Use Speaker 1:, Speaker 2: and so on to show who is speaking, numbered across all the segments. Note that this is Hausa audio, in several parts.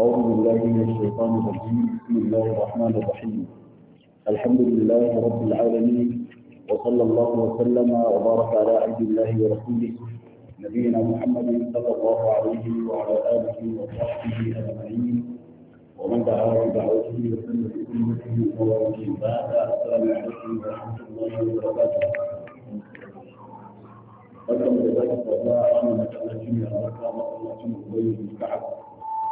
Speaker 1: أعوذ بالله من الشيطان الرجيم بسم الله الرحمن الرحيم الحمد لله رب العالمين وصلى الله وسلم وبارك على عبد الله ورسوله نبينا محمد صلى الله عليه وعلى آله وصحبه أجمعين ومن دعا بدعوته وسلم بسنته إلى يوم بعد السلام عليكم ورحمة الله وبركاته أكرم لذلك الله fada a wannan matsalacin الله zaka matsalacin Ubangiji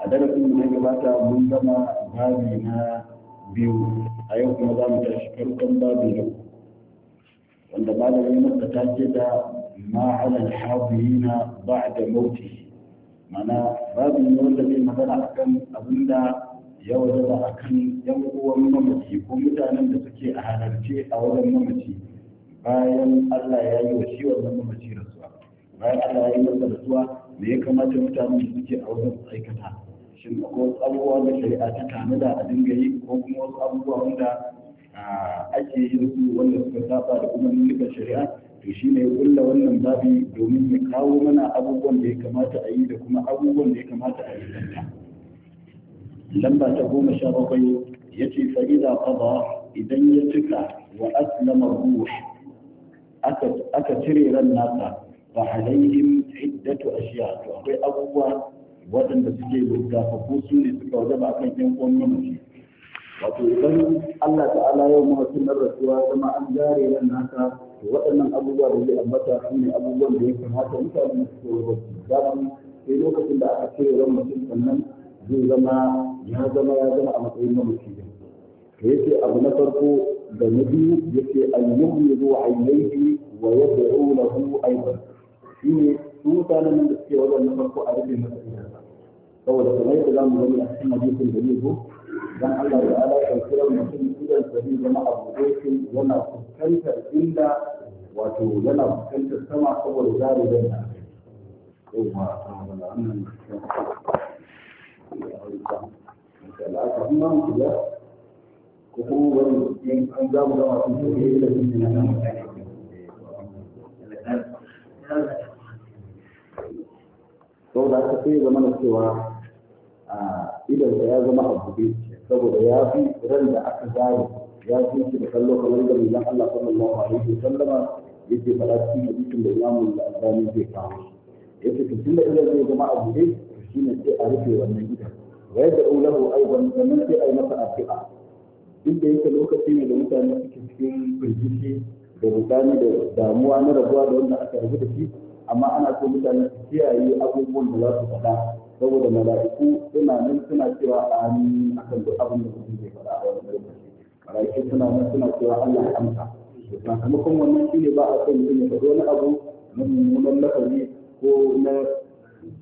Speaker 1: a darasin da ya gabata mun gama babi na biyu a yau kuma za mu tashi farkon babi na wanda yi masa ta ce da ma'ala ba da mauti mana babi ne wanda zai magana akan abin da ya wajaba akan yan uwan mamaci ko mutanen da suke a halarce a wajen mamaci bayan Allah ya yi wa shi wannan mamaci rasuwa bayan Allah ya yi masa rasuwa me ya kamata mutanen da suke a wajen aikata cikin wasu abubuwa da shari'a ta da da da yi ko kuma wasu abubuwa wanda ake yin su wanda suka saba da kuma nufin shari'a to shi ne kulla wannan babi domin ya kawo mana abubuwan da ya kamata a yi da kuma abubuwan da ya kamata a yi danta lamba ta goma sha bakwai ya ce fa'iza kaba idan ya cika wa aslama ruh aka cire ran nasa fa alaihim iddatu ashiya to akwai abubuwa waɗanda suke ko su ne suka wajaba akan yan uwan mamaci wato idan Allah ta'ala yau mahaifinar rasuwa zama an jare ran naka to waɗannan abubuwa da zai ambata su ne abubuwan da ya kamata mutane su koyo ba su dama sai lokacin da aka cire ran mutum sannan zai zama ya zama ya zama a matsayin mamaci ne to yace abu na farko da na biyu yace ayyuhu ayyuhu wa yad'u lahu Shi ne su mutanen da suke wajen na farko a rufe masa saboda kuma yadda za mu gani a cikin hadisin da zai zo dan Allah ya ala ya kira mutum idan sa zai zama abu da yake yana fuskantar inda wato yana fuskantar sama saboda zari da na yawa wannan al'adun mu ya ko kuma wani yin an zamu gama sun ce ne da sun ne na mutane saboda haka sai zama da cewa idan da ya zama abu saboda ya fi ran da aka zaro ya fi shi da kallo kamar da Allah sallallahu alaihi wa sallama yake faɗa cikin hadisin da Imam Al-Albani zai kawo yace tun da idan zai zama abu dai shine sai a rufe wannan gidan wa yadda ulahu aidan sannan sai yi masa addu'a duk da yake lokaci ne da mutane suke cikin firgici da rudani da damuwa na rabuwa da wanda aka rabu da shi amma ana so mutane su kiyaye abubuwan da za su faɗa saboda mala'iku suna nan suna cewa amin akan duk abin da mutum ke faɗa a wannan lokaci mala'iku suna nan suna cewa Allah ya amsa sakamakon wannan shine ba a son mutum ya faɗi wani abu na mummunan lafazi ko na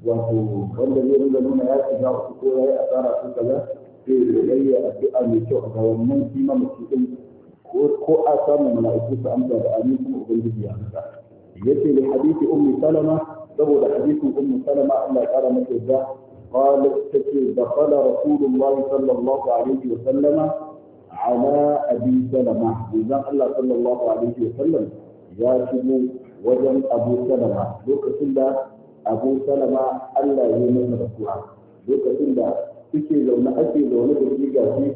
Speaker 1: wato wanda zai ringa nuna ya shiga wasu ko ya yi asara ko kaza sai ya rayya addu'a mai kyau a ga wannan shi ma mutum ko a samu mala'iku su amsa da amin kuma ubangiji ya amsa yace da hadisi ummi salama saboda hadisin ummu salama Allah ya kara mata da qalat take da qala rasulullahi sallallahu alaihi wa sallama ala abi salama idan Allah sallallahu alaihi wa sallam ya shigo wajen abu salama lokacin da abu salama Allah ya yi masa rasuwa lokacin da suke zaune ake zaune da shi gashi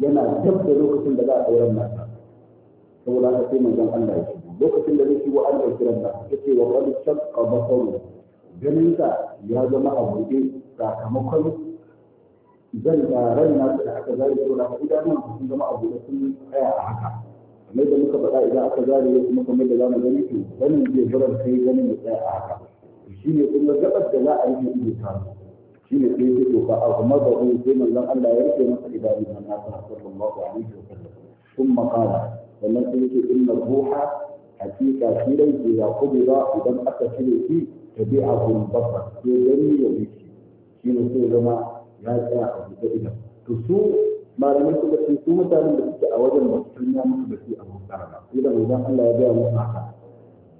Speaker 1: yana dab da lokacin da za a auren nasa saboda haka sai manzon Allah ya lokacin da nake wa Allah kiran da yake wa qad a basaru ganin ka ya zama a buɗe sakamakon zan ga ran na da aka zare to na idanun sun zama a buɗe sun tsaya a haka kamar da muka faɗa idan aka zare ya kuma kamar da zamu gani to wannan zai bar kai ganin ya tsaya a haka shi ne kun ga da za a yi ido ta shi ne sai ya doka a kuma da ku sai manzon Allah ya rike masa idanun nan na sallallahu alaihi wasallam kuma qala wannan sai yake inna ruha حقيقه في ليس اذا قبض اذا اتى في ليسي تبعه البصر في ذري وبيكي في نسوي لما لا تاخذ بذلك تسوء ما لم يكن بس يسوء مثلا بس اولا ما تسمي عنك بس ابو كرم اذا اذا قال يا ابو كرم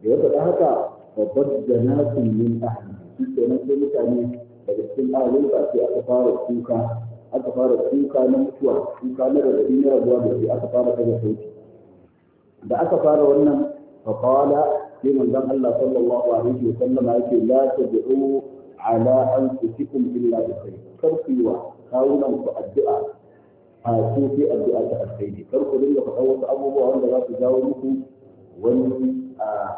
Speaker 1: يقول هذا وبد جنات من اهل في جنات من اهل لكن في الاول بعد في اخبار السوكا اخبار السوكا نمتوى السوكا نرى ابواب في اخبار هذا السوكا da aka fara wannan فقال في من ذا الله صلى الله عليه وسلم يقول لا تدعوا على أنفسكم إلا بخير ترقيوا كاونا الدعاء هاتوا في الدعاء الخير ترقوا لله فتوت أبوه وأن لا تجاوبكم وأن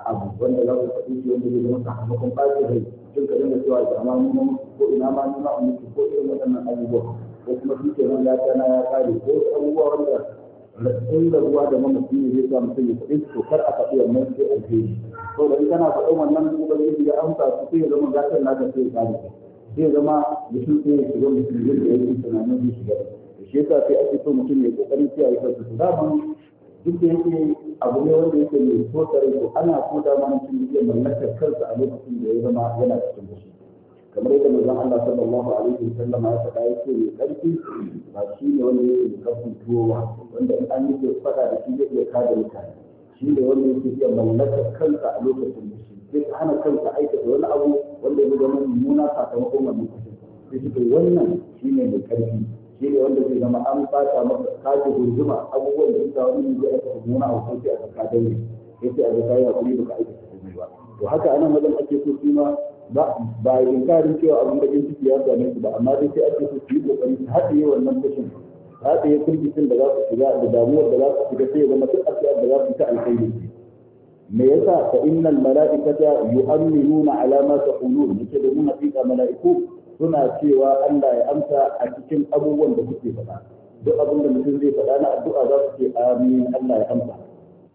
Speaker 1: abu wanda za ku faɗi shi wanda zai zama sakamakon ɓaci rai sun ka dinga cewa ita ko ina ma nuna mutu ko irin waɗannan abubuwa ko kuma shi ke nan lafiya na ya kare ko wasu abubuwa wanda inda ruwa da mamaci ne zai sa mutum ya faɗi to kar a faɗi wannan sai alheri to da in kana faɗin wannan ubangiji ya amsa su sai ya zama gasar naka sai ya kare sai zama mutum sai ya shiga mutum zai da yake tunanin zai shiga da shi yasa sai ake so mutum ya kokarin ya kansa to da mu duk da yake abu ne wanda yake mai so to ana so da mutum ya mallakar kansa a lokacin da ya zama yana cikin fushi kamar yadda zan Allah sallallahu alaihi sallam ya faɗa yake mai ƙarfi ba shi ne wanda yake da kafin tuwowa wanda in an yake faɗa da shi zai iya kada mutane shi ne wanda yake iya mallaka kansa a lokacin da shi zai hana kansa aikata wani abu wanda ya zama mummuna sakamakon wannan kashin sai shi wannan shi ne mai ƙarfi shi ne wanda zai zama an bata maka kaji hurjuma abubuwan da suka wani zai aikata mummuna a hukunci a zakadai ne sai a zakadai a kuma baka aikata komai ba to haka anan wajen ake so shi ma ba ba inkarin cewa abin da ciki ya same su ba amma dai sai ake su yi kokari su haɗe wannan kashin haɗe kurkicin da za su shiga da damuwar da za su shiga sai ya zama duk addu'ar da za su ta alkhairi me yasa fa innal mala'ikata yu'minuna ala ma taqulun yake da mun hakika mala'iku suna cewa Allah ya amsa a cikin abubuwan da kuke faɗa duk abin da mutum zai faɗa na addu'a za su ce amin Allah ya amsa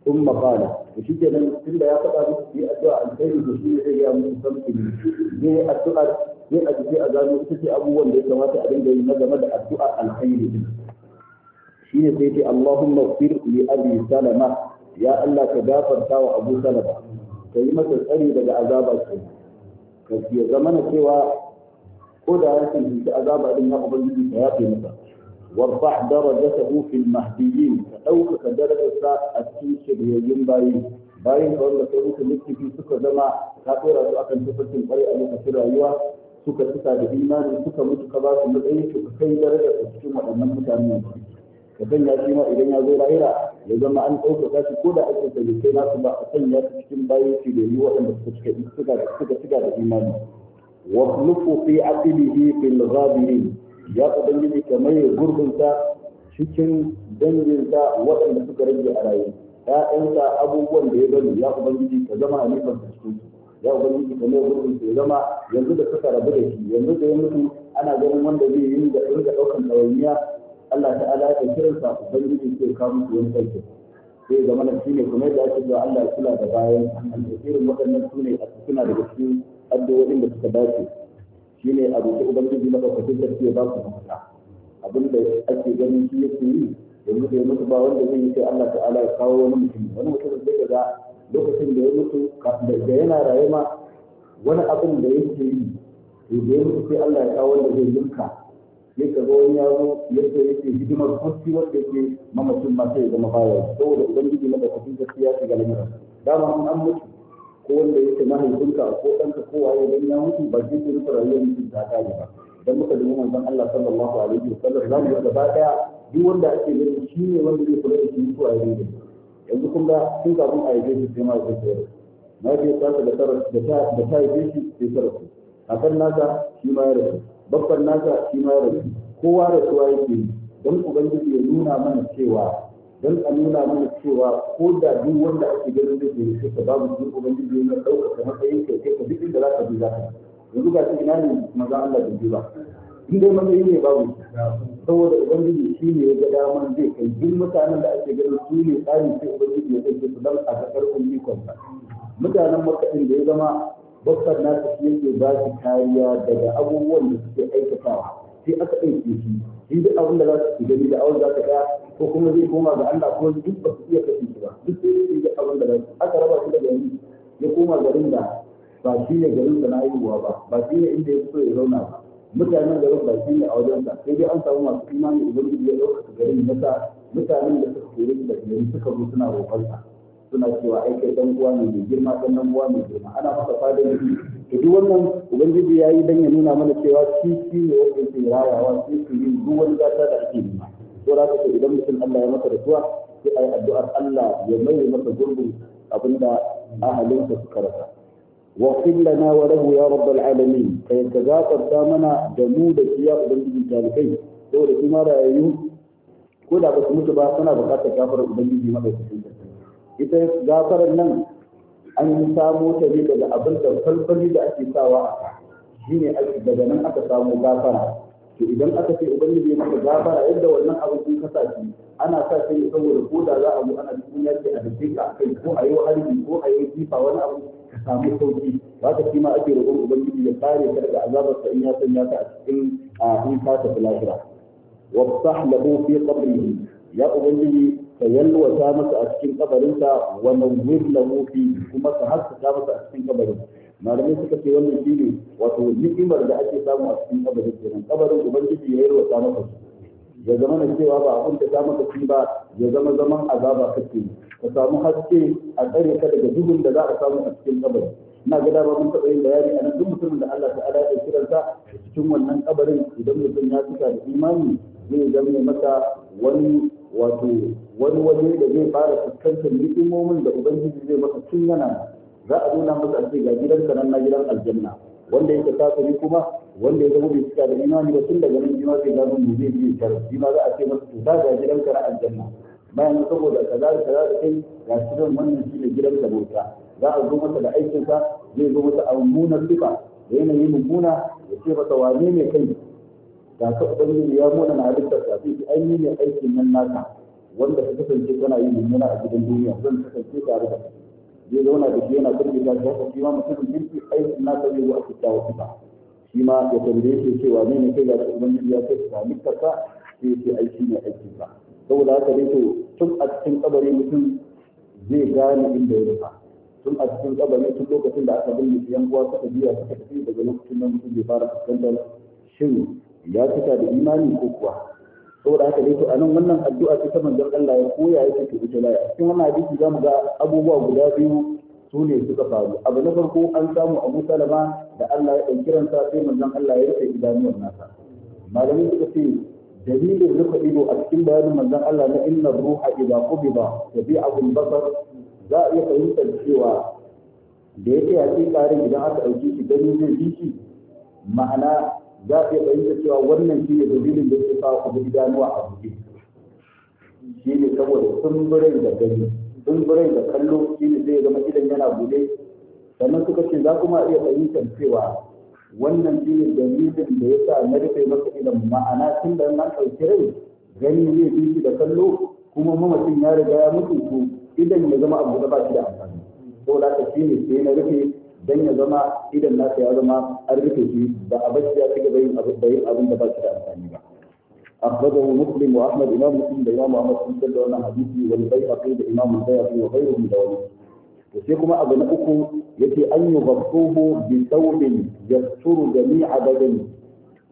Speaker 1: kun mafala da shi kenan tun da ya faɗa musu yi addu'a alkhairi da shi zai ya musu samfi ne zai addu'a zai a jiki a gano ce abubuwan da ya kamata a dinga yi na game da addu'a alkhairi din shi ne sai ce Allahumma fir li abi salama ya Allah ka gafarta wa abu salama ka yi masa tsari daga azaba ke ka ya zamana cewa ko da ya tsinci azaba din na ubangiji ka yafe masa وارفع درجته في المهديين فأوكك ka التنشر يجن باين باين فأولا كيروك لكي في سكة زمع كافرة أكن تفتن قرية لك في رأيوة سكة تسعة بإيمان سكة متقبات مدعين سكة كي درجة تسكة وأنا متعمين ka sanya shi ma idan ya zo lahira ya zama an ɗaukaka shi ko da ake sanya sai nasu ba a sanya su cikin bayan shi da suka suka da imani aqilihi ya ubangiji ka maye gurbinta cikin danginsa waɗanda suka rage a rayu ƴaƴansa abubuwan da ya bani ya ubangiji ka zama halifansa cikin su ya ubangiji ka maye gurbinsa ya zama yanzu da suka rabu da shi yanzu da ya mutu ana ganin wanda zai yi da ɗaukar ɗaukan ɗawainiya Allah ta'ala ya kiransa ubangiji sai ya kawo musu wani sarki sai zama na shine kuma yadda ake zuwa Allah ya kula da bayan irin waɗannan su a suna daga cikin addu'o'in da suka dace shine a roƙi ubangiji na ɗaukakin sarki ya ba su mafita abin da ake ganin shi yake yi yanzu da ya mutu ba wanda zai yi sai Allah ta'ala ya kawo wani mutum wani mutum zai ga lokacin da ya mutu da yana raye ma wani abin da yake yi to da ya mutu sai Allah ya kawo wanda zai yinka sai ka ga wani yaro yadda yake hidimar kurci wanda yake mamacin ma sai ya zama bayan saboda ubangiji na ɗaukakin sarki ya shiga lamarin dama an mutu ko wanda yake mahaifinka ko ɗanka ko waye don ya mutu ba shi ke rufe rayuwar mutum ta kare ba dan muka ji manzon Allah sallallahu alaihi wa sallam zamu ga gaba daya duk wanda ake gani shi ne wanda zai kula da shi ko a yi yanzu kun ga sun ga mun yaje shi sai ma ya kace na ce ta da tara da ta da ta shi sai ta rasu akan nasa shi ma ya rasu babban nasa shi ma ya rasu kowa da kowa yake don ubangiji ya nuna mana cewa don a nuna mana cewa ko da duk wanda ake ganin da ke shi ka babu duk ubangiji yana ɗaukaka matsayin ka kai ka duk inda za ka bi za ka yanzu ga shi ina ne maza Allah da jiba in dai matsayi ne babu saboda ubangiji shi ne ya ga daman zai kai duk mutanen da ake ganin su ne tsari sai ubangiji ya kai su dan a ga karfin ikonsa mutanen makaɗin da ya zama bakkar na su yake ba su kariya daga abubuwan da suke aikatawa sai aka ɗauke shi shi duk abin da za su ci gani da awon za ta ɗaya ko kuma zai koma ga Allah ko duk ba su iya kashe shi ba duk sai su yi abin da za su aka raba shi da gani ya koma garin da ba shi ne garin da na haihuwa ba ba shi ne inda ya so ya zauna ba mutanen garin ba shi ne a wajensa sai dai an samu masu imani ubangiji ya ɗauka garin nasa mutanen da suka koyi da gari suka zo suna roƙonsa suna cewa ai dan uwa ne mai girma dan dan uwa mai girma ana maka fadin to duk wannan ubangiji yi dan ya nuna mana cewa shi shi ne wanda yake rayawa shi shi yin duk wani gata da ake nema to da idan mutum Allah ya maka rasuwa sai yi addu'ar Allah ya mai maka gurbin abinda ahalinsa suka rasa واغفر لنا وله يا رب العالمين كي تغافر ثامنا دمو da iya ubangiji jalikai saboda kuma rayu ko da ba su mutu ba suna bukatar gafarar ubangiji madaukakin ita gafarar nan an samo ta ne daga abin da falfali da ake sawa shi ne daga nan aka samu gafara to idan aka ce ubangiji ya maka gafara yadda wannan abu kun kasa shi ana sa shi ne saboda ko da za a zo ana cikin yaki a dace ka kai ko a yi harbi ko a yi jifa wani abu ka samu sauki ka shi ma ake roƙon ubangiji ya kare ka daga azabar sa in ya sanya ka a cikin in ka tafi lahira wa sahlahu fi qabrihi ya ubangiji ka yalwata masa a cikin kabarinsa wa nawwir lahu kuma ka haskaka masa a cikin kabarin malamai suka ce wannan shine wato ni'imar da ake samu a cikin kabarin kenan kabarin ubangiji ya yalwata masa ya zama na cewa ba abin da ta maka shi ba ya zama zaman azaba kake ka samu haske a tsare ka daga duhun da za a samu a cikin kabari ina ga dama mun taɓa yin bayani a nan duk mutumin da Allah ta'ala ya kiransa cikin wannan kabarin idan mutum ya cika da imani zai zama masa wani wato wani waje da zai fara fuskantar ni'imomin da ubangiji zai maka tun yana za a nuna masa a ce ga gidan nan na gidan aljanna wanda yake tafi kuma wanda ya zama bai cika da imani ba tun daga nan jima zai gano mu zai biye kar jima za a ce masa to ga gidan na aljanna bayan saboda kaza da kaza da kai ga shi nan wannan shi ne gidanka bauta za a zo masa da aikinsa zai zo masa a mummunar sifa da yanayi mummuna ya ce masa wane ne kai ga ka ubangiji ya muna na halittar ka sai ai ni ne aikin nan naka wanda ka kasance kana yi mummuna a gidan duniya zan kasance tare da kai zai zauna da shi yana kurbi ta shi haka shi ma yi kirki aikin naka zai zo a kyakkyawa kuma shi ma ya tambaye shi cewa ne ne kai ga ubangiji ya kai ka halittar ka sai ce aiki ne aikin ba saboda haka dai to tun a cikin kabari mutum zai gane inda ya rufa tun a cikin kabari tun lokacin da aka binne yan uwa suka biya suka tafi daga lokacin nan mutum zai fara fuskantar shin ya cika da imani ko kuwa saboda haka dai to anan wannan addu'a ta manzon Allah ya koya yake to ita laya cikin wannan hadisi zamu ga abubuwa guda biyu su ne suka faru abu na farko an samu Abu Salama da Allah ya ɗauki ransa sai manzon Allah ya rufe idanuwan nasa malamin suka ce dalilin rufe ido a cikin bayanin manzon Allah na inna ruha idza qubida yabi'ul basar za a iya fahimtar cewa da yake ya ce karin idan aka ɗauki shi gani zai ji ma'ana za ka iya fahimta cewa wannan shi ne dalilin da ke sa ku bi idanuwa a buɗe shi ne saboda tsumbirin da gani tsumbirin da kallo shi ne zai zama idan yana buɗe sannan suka ce za kuma iya fahimtar cewa wannan shi ne dalilin da ya sa na rufe maka idan ma'ana tun da na ɗauki rai gani ne bi da kallo kuma mamacin ya riga ya mutu to idan ya zama abu da ba shi da amfani ko da ka shi ne sai na rufe dan ya zama idan nasa ya zama an rufe shi ba a bacci ya cigaba yin abin abin da ba shi da amfani ba أخرجه مسلم وأحمد إمام مسلم بإمام أحمد بن سلمة وأنا حديثي والبيهقي بإمام البيهقي وغيره من ذلك وسيكما أبن يتي أن يغطوه بثوب يستر جميع بدنه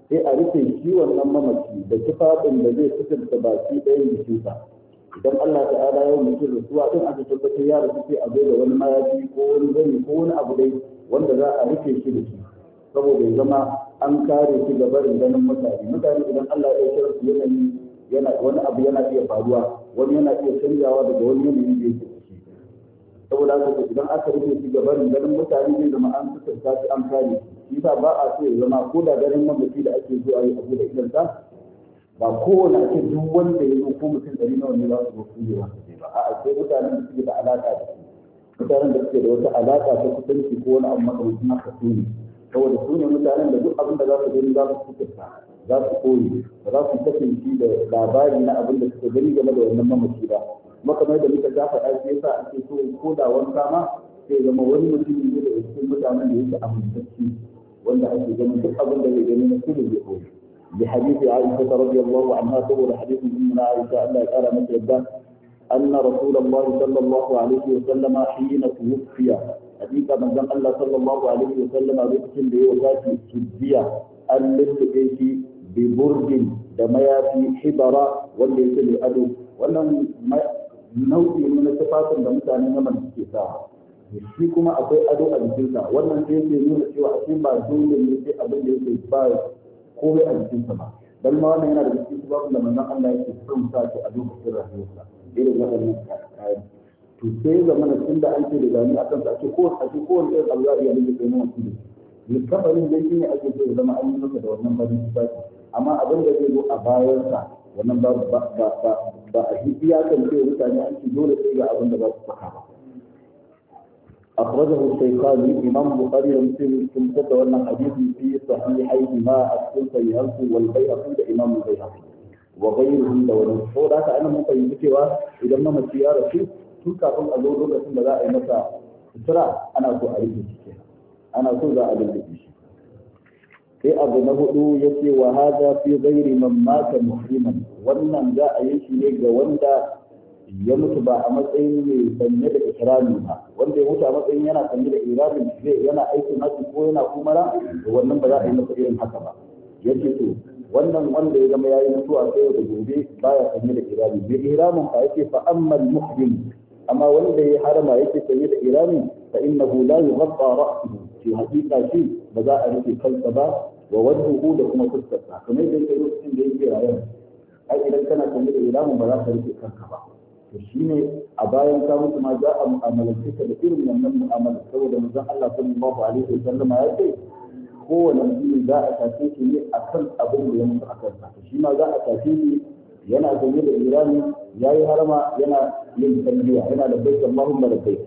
Speaker 1: sai a rufe shi nan mamaci da tufafin da zai fitar da baki ɗayan jikinsa idan Allah ta'ala ya mutu da suwa din aka tabbatar ya rasu sai a zo da wani mayafi ko wani zani ko wani abu dai wanda za a rufe shi da shi saboda ya zama an kare shi da barin ganin mutane mutane idan Allah ya kira su yanayi yana wani abu yana iya faruwa wani yana iya canjawa daga wani yanayi da yake ciki saboda haka idan aka rufe shi da barin ganin mutane zai zama an sutunta shi an kare shi yasa ba a so ya zama ko da ganin mamaci da ake zuwa yi abu da idan ba kowane ake duk wanda ya zo ko mutum ɗari nawa ne za su zo su ne ba a'a sai mutanen da suke da alaƙa da su mutanen da suke da wata alaƙa ta kusanci ko wani abu makamancin haka su ne saboda su ne mutanen da duk abin da za su gani za su kusurta za su koyi ba za su kasance da labari na abin da suka gani game da wannan mamaci ba kuma da muka ta faɗa shi yasa ake so ko da wanka ma sai zama wani mutum ne da cikin mutanen da yake amintacci wanda ake ganin duk abin da zai gani na ne zai koyi بحديث عائشة رضي الله عنها قبل حديث أمنا عائشة أن قال مثل أن رسول الله صلى الله عليه وسلم حين توفي حديث من ذن الله صلى الله عليه وسلم بكتن بيوكات سبية أن لتقيت ببرد دميا في حبرة واللي يسلي أدو ولم nau'i ne na tufafin da mutanen yaman suke sawa shi kuma akwai ado a jikinsa wannan sai yake nuna cewa a ba dole ne sai abin da yake ba bai a jikinsa ba dan ma wannan yana da cikin babu da manzon Allah yake son sa shi a lokacin rayuwarsa irin waɗannan kayan to sai zamanin tun da an ce da gani a kansa ake ko a ko kowane irin abu za a iya rage tsaye na ne likabarin dai shine ake so ya zama an yi maka da wannan farin ciki amma abin da zai zo a bayansa wannan ba ba ba ba a kan ce mutane an ce dole sai ga abin da ba su faka ba أخرجه الشيخاني إمام البخاري ومسلم ثم كتب أن حديث في صحيحيهما السلطيهما والبيهقي إمام البيهقي وغيره da wani ko da haka ana mun fahimci cewa idan mamaci ya rasu tun kafin a zo lokacin da za a yi masa sutura ana so za a rike shi sai abu na hudu ya ce wa hada zai ghairi mata wannan za a yi shi ne ga wanda ya mutu ba a matsayin mai sanye da ikirami ba wanda ya mutu a matsayin yana sanye da ikirami zai yana aikin haji ko yana kumara to wannan ba za a yi masa irin haka ba ya ce to wannan wanda ya zama ya yi mutuwa sai da gobe baya sanye da irami bi iramin fa yake fa ammal muhdin amma wanda ya harama yake sanye da irami fa innahu la yughatta ra'suhu fi haqiqa shi ba za a rufe kansa ba wa wajhuhu da kuma fuskarsa kamar yadda yake lokacin da yake rayuwa ai idan kana sanye da iramin ba za ka rufe kanka ba to shine a bayan ta mutu ma za a mu'amalanci ka da irin wannan mu'amala saboda manzon Allah sallallahu alaihi wasallam ya ce kowane mutum za a tafi shi ne akan abin da ya mutu akan sa shi ma za a tafi shi yana sanye da irani yi harama yana yin talbiya yana da bai Allahumma labbaik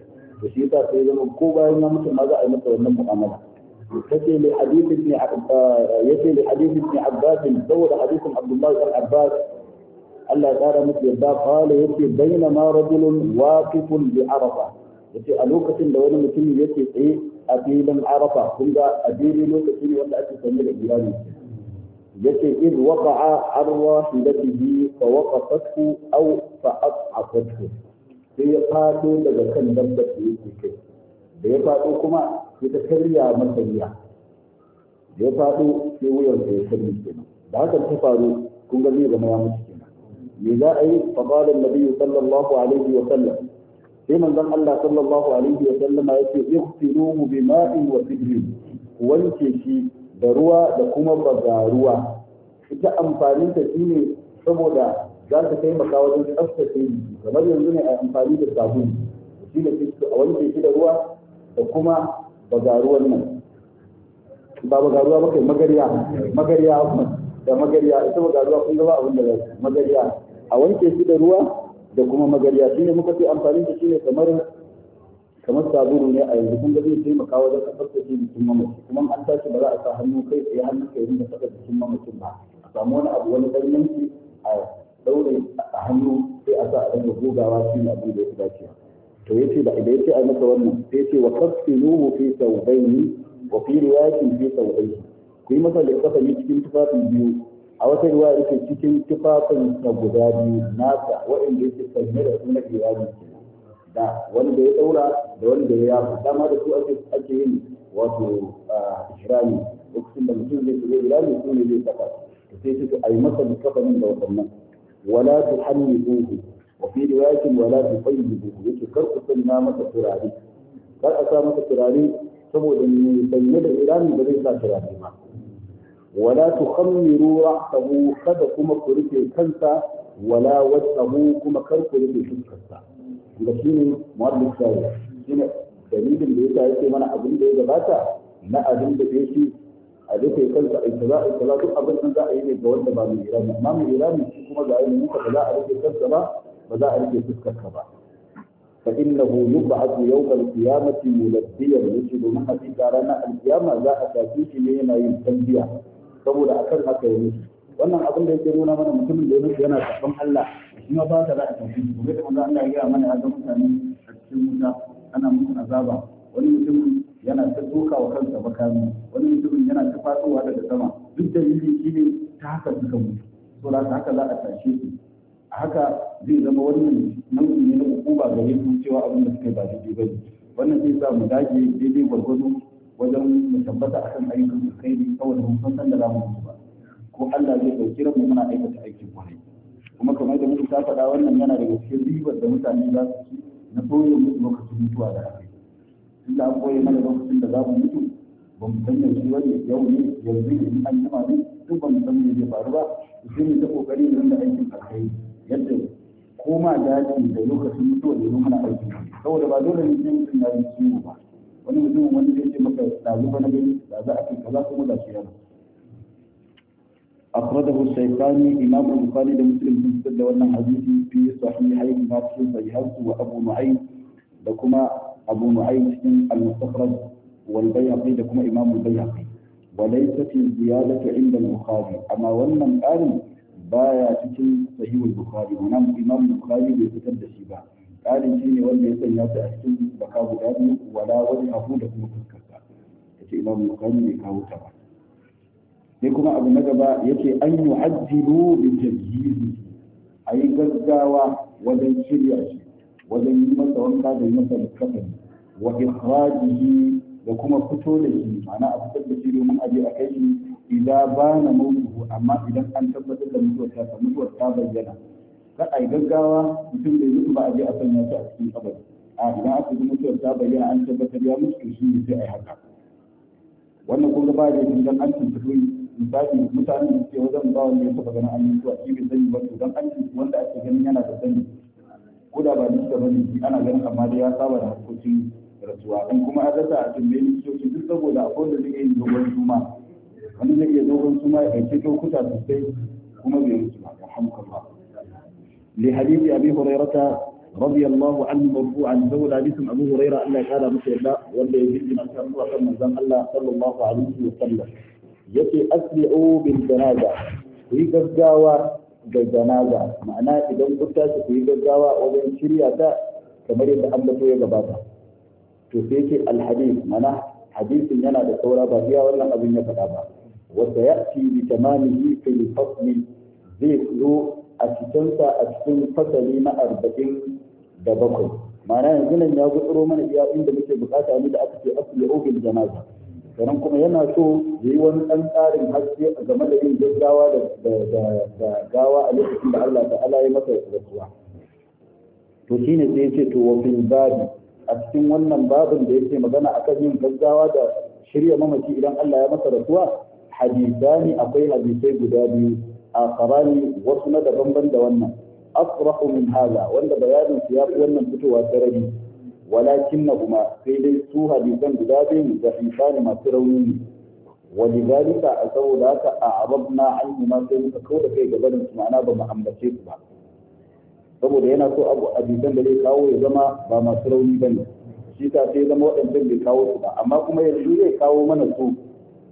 Speaker 1: to shi yasa sai zama ko bayan ya mutu ma za a yi masa wannan mu'amala kace li hadith ibn yace li hadith ibn Abbas saboda hadithin Abdullah ibn Abbas Allah ya tsara miki yadda kala yake baina ma rajulun waqifun bi arafa yace a lokacin da wani mutum yake tsaye a filin arafa kun ga a daidai lokaci wanda ake sanye da iyali yace id waqa'a arwahidatihi fa waqafatu aw fa as'afathu sai ya fado daga kan dabbar da yake kai da ya fado kuma sai ta karya masa da ya fado sai wuyan da ya kenan da haka ta faru kun ga zai zama ya mutu me za a yi fa qala an-nabi sallallahu alaihi wa sallam sai manzon Allah sallallahu alaihi wa sallam ya ce ighsiluhu bima'in wa sidrin wanke shi da ruwa da kuma bagaruwa ita amfanin ta shine saboda za ta taimaka wajen tsaftace jiki kamar yanzu ne a amfani da sabulu shi da a wanke shi da ruwa da kuma bagaruwan nan ba bagaruwa ba kai magariya magariya da magariya ita bagaruwa kun ga ba abin da magariya a wanke su da ruwa da kuma magarya shi ne muka fi amfani da shi ne kamar kamar sabulu ne a yanzu kun ga zai taimaka wajen a tsaftace jikin mamaci kuma an tashi ba za a sa hannu kai tsaye hannu kai rinka saka jikin mamacin ba a samu wani abu wani ɗan yanki a ɗaure a hannu sai a sa a rinka gogawa shi ne abin da ya fi dacewa to yace da idan yace ai masa wannan sai yace wa kafiluhu fi sawbayni wa fi riwayatin fi sawbayni ku yi masa da kafa cikin tufafi biyu a wata ruwa yake cikin tufafin na guda biyu nasa waɗanda yake sanye da suna na da wanda ya daura da wanda ya yafa dama da su ake ake yin wato ihrami lokacin da mutum zai shiga ihrami su ne zai saka to sai suka yi masa kafanin da wannan wala tuhannibuhu wa fi riwayatin wala tuqayyibuhu yake kar ku sanna masa turare kar a sa masa turare saboda mai sanye da ihrami ba zai sa turare ba wala tukhammiru ra'sahu kada kuma ku rufe kansa wala wajhahu kuma kar ku rufe fuskarsa da shine mu'allif sai shine dalilin da yasa yake mana abin da ya gabata na abin da yake a rufe kansa a kaza a kaza duk abin za a yi ne ga wanda ba mai irami shi kuma ga yin muka ba za a rufe kansa ba ba za a rufe fuskarka ba فإنه يبعث يوم القيامة ملبيا يجد من حديث رانا القيامة لا أتاتيك لنا يمتنبيا saboda akan haka ya wannan abin da yake nuna mana mutumin da ya yana karɓan Allah shi ma ba ta za a tafi gobe da manzo Allah ya gaya mana ya ga mutane a cikin wuta ana musu azaba wani mutum yana ta doka wa kansa bakami wani mutumin yana ta fatowa daga sama duk da yi shine ta haka suka mutu to da haka za a tashe su a haka zai zama wannan nau'i ne na hukuma gare yin cewa abin da suka yi ba daidai ba wannan zai sa mu dage daidai gwargwado wajen mu tabbata akan ayyukan da kai ne saboda mun san da zamu yi ba ko Allah zai dauki mu muna aikata aikin kwarai kuma kamar da muka faɗa wannan yana daga cikin ribar da mutane za su ci na koyon mutu lokacin mutuwa da aka yi an koyi mana lokacin da za mu mutu ba mu san yaushe wani yau ne yanzu ne an yi ne duk ba mu san me zai faru ba sai mu ta kokari mu rinda aikin alkhairi yadda koma daji da lokacin mutuwa da muna aiki saboda ba dole ne sai mutum ya yi ciwo ba wani mutum wani zai ce maka ɗazu ba na gani da za a ce kaza kuma da shi yana أخرجه الشيخاني إمام البخاري ومسلم بن سد وأن حديثي في صحيحيهما في صحيحه وأبو نعيم لكما أبو نعيم في المستخرج والبيهقي لكما إمام البيهقي وليست الزيادة عند البخاري أما وأن قال بايا تكن صحيح البخاري ونام إمام البخاري بيتكدس بها ƙarin shi ne wanda ya sanya ta a cikin baka guda biyu wala wani abu da kuma fuskarsa ya ce imam bukari bai kawo ta ba sai kuma abu na gaba ya ce an yi ajjilu bi tabyizi a yi gaggawa wajen shirya shi wajen yi masa wanka da yi masa kafani wa ikhrajihi da kuma fito da shi ma'ana a fitar da shi domin aje a kai shi idan ba na mutuwa amma idan an tabbatar da mutuwar ta mutuwar ta bayyana kar a yi gaggawa mutum da yi ba a je a sanya shi a cikin kabari a idan aka ji mutuwar ta bayyana an tabbatar ya mutu shi ne sai a yi haka wannan ko ga ba da yin dan an tuntuɓi misali mutane da suke wajen ba wanda ya taɓa ganin an mutuwa a cikin sani ba to an tuntuɓi wanda ake ganin yana da sani ko da ba da ba ne ana ganin amma dai ya saba da harkokin rasuwa in kuma an rasa a tuntuɓi likitoci duk saboda akwai wanda zai yin dogon suma wani zai iya dogon suma ya kyau lokuta sosai kuma bai mutu ba alhamdulillah لحديث أبي هريرة رضي الله عنه مرفوعا فهو حديث أبو هريرة أن قال مثل الله والذي يجد من كان وكما الله صلى الله عليه وسلم يتي أسرعوا بالجنازة في جزاوة جنازة معناه إذا كنت في جزاوة وبين شريعة kamar yadda an bato ya gabata to sai yake alhadith mana hadisin yana da saura ba iya wannan abin ya faɗa ba wanda ya ci bi tamamihi fil fasli zai zo a cikinsa a cikin fasali na arba'in da bakwai ma'ana yanzu nan ya gutsuro mana iya inda muke bukata ne da aka ce asli ogil janaza sannan kuma yana so ya yi wani ɗan ƙarin haske a game da yin gaggawa da gawa a lokacin da Allah ta'ala ya masa rasuwa to shine sai ya ce to wa babi a cikin wannan babin da yake magana akan yin gaggawa da shirya mamaci idan Allah ya masa rasuwa hadisani akwai hadisai guda biyu akharani wasu na daban ban da wannan asrahu min hala wanda bayanin su ya fi wannan fitowa sarari kuma sai dai su hadisan guda biyu da insani masu rauni ne ma sai muka أعرضنا عنه ما kai ga في ana ba بمحمد شيخ ba saboda yana so abu hadisan da zai kawo ya zama ba masu rauni bane shi ta sai zama wadannan bai kawo su ba amma kuma yanzu zai kawo mana su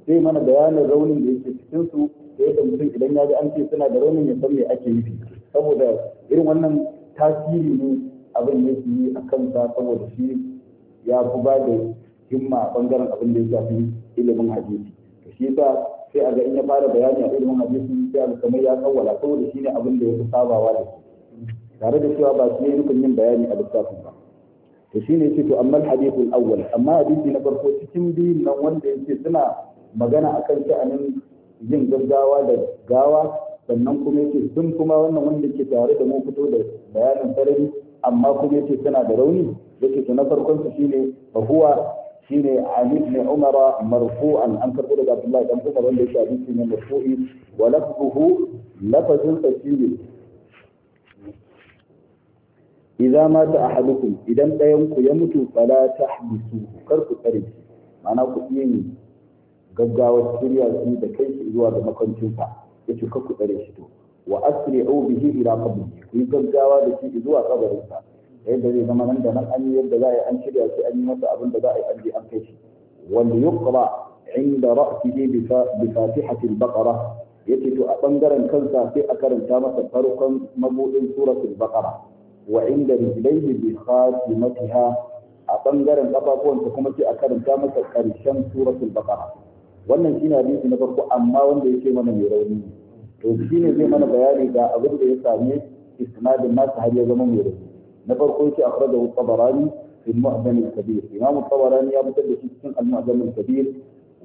Speaker 1: sai mana bayanin raunin da yake cikin su da mutum idan ya ji an ce suna da raunin ya san me ake yi saboda irin wannan tasiri ne abin yake yi a kansa saboda shi ya fi ba da himma a bangaren abin da ya shafi ilimin hadisi to shi yasa sai a ga in ya fara bayani a ilimin hadisi sai a kamar ya kawwala saboda shi ne abin da ya fi sabawa da shi tare da cewa ba shi ne nufin yin bayani a littafin ba to shi ne ce to amma hadithul awwal amma hadisi na farko cikin biyun nan wanda yake suna magana akan sha'anin yin gaggawa da gawa sannan kuma yake sun kuma wannan wanda ke tare da mu da bayanin sarari amma kuma yake suna da rauni yake to na farkon su shine bahuwa shine Ali ibn Umar marfu'an an karbo daga abdullahi dan kuma wanda yake hadisi ne marfu'i wa lafzuhu lafzun tasiri ma mata ahadukum idan dayan ku ya mutu fala tahbisu kar ku tsare mana ku yi gaggawar shirya shi da kai shi zuwa ga makwancinsa ya ce kakku tsare shi to wa asri'u bihi ila qabri ku yi gaggawa da shi zuwa kabarinsa yadda zai zama nan da nan an yi yadda za a yi an shirya shi an yi masa abin da za a yi an je an kai shi wanda yuqra inda ra'sihi bi fatihati al-baqara yace to a bangaren kansa sai a karanta masa farkon mabudin suratul baqara wa inda rijlaihi bi khatimatiha a bangaren kafafuwansa kuma sai a karanta masa karshen suratul baqara wannan shine abin na farko amma wanda yake mana mai rauni to ne zai mana bayani da abin da ya same isnadin nasu har ya zama mai rauni na farko yake akwai da tabarani fi mu'adhan imam tabarani ya mutar da shi cikin al-mu'adhan al-kabir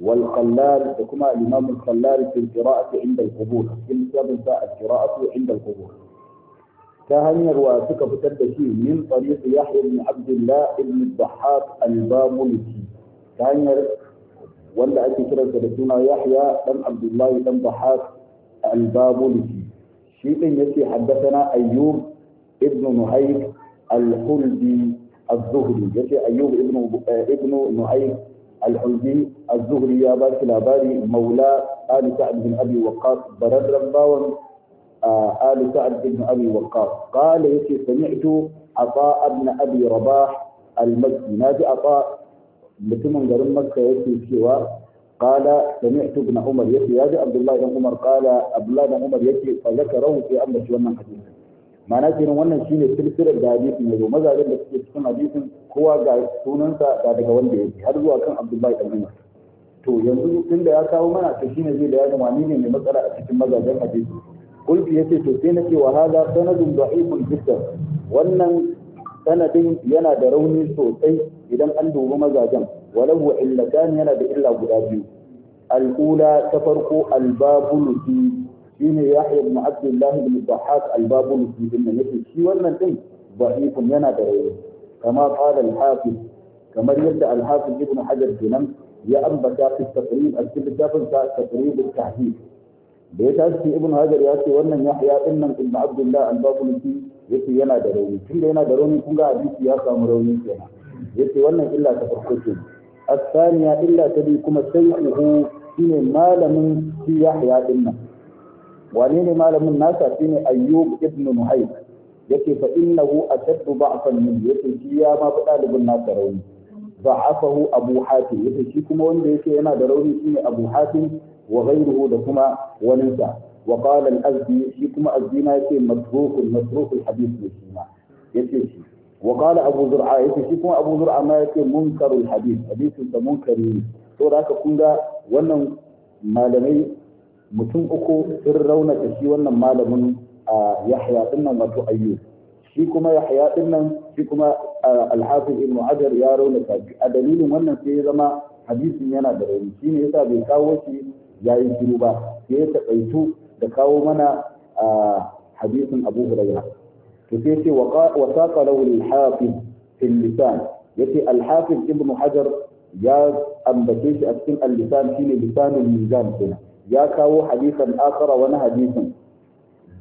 Speaker 1: wal qallal da kuma al-imam al-qallal fi al-qira'ah inda al-qubur in sabin sa al inda al ta hanyar wa suka fitar da shi min tariqi yahya ibn abdullah ibn dhahhab al ta hanyar wanda ake kiransa da suna yahya dan abdullahi dan bahar al-babuliki shi din yace haddathana ayyub ibn nuhayk al-khuldi az-zuhri yace ayyub ibn ibn nuhayk al-khuldi az-zuhri ya ba shi labari maula ali sa'd bin abi waqqas barad rabbawan ali sa'd bin abi waqqas qala yace sami'tu عطاء بن ابي رباح المكي نادي عطاء mutumin garin makka yake cewa qala sami'tu ibn umar yace ya ji abdullahi dan umar qala abdullahi dan umar yace fa zakarahu fi amma wannan hadisi ma'ana kenan wannan shine silsilar da hadisin yazo mazajen da suke cikin hadisin kowa ga sunansa ga daga wanda yake har zuwa kan abdullahi dan umar to yanzu tunda ya kawo mana to shine zai da ya wani ne mai matsala a cikin mazajen hadisi قلت yace to sai nace wa hada sanadun da'ifun jiddan wannan sanadin yana da rauni sosai idan an dubi mazajen walahu illatan yana da illa guda biyu al al'ula ta farko albabulusi shine yahya ibn abdullah ibn dhahhak albabulusi din nan shi wannan din da'ifun yana da rauni kama qala al-hafiz kamar yadda al-hafiz ibn hajar kenan ya ambata fi taqrib al-kitabun ta taqrib al-tahdid da ya tashi ibn hajar ya ce wannan yahya din nan ibn abdullah albabulusi yake yana da rauni tunda yana da rauni kun ga hadisi ya samu rauni kenan yace wannan illa ta farko ce asaniya illa ta biyu kuma sai uhu shine malamin shi yahya din nan wane ne malamin nasa shine ayyub ibn muhayyib yace fa innahu ashaddu ba'fan min yace shi ya ma fi dalibin nasa rauni ba'afahu abu hatim yace shi kuma wanda yake yana da rauni shine abu hatim wa da kuma wani sa wa qala shi kuma azdina yace madrukun madrukul hadith ne shi ma yace shi وقال أبو زرعة يتشكوا أبو زرعة ما يكي منكر الحديث حديث منكرين to da aka kun wannan malamai mutum uku sun raunata shi wannan malamin a yahya dinnan wato ayyu shi kuma yahya dinnan shi kuma alhafiz ibn hajar ya raunata a dalilin wannan sai ya zama hadisin yana da rauni shi ne yasa bai kawo shi yayin shiru ba sai ya taƙaitu da kawo mana hadisin abu hurairah to sai ce wa saqa al-hafiz fil lisan yace al-hafiz ibn hajar ya ambace shi a cikin al-lisan shine lisanul mizan kenan ya kawo hadisan akara wani hadisin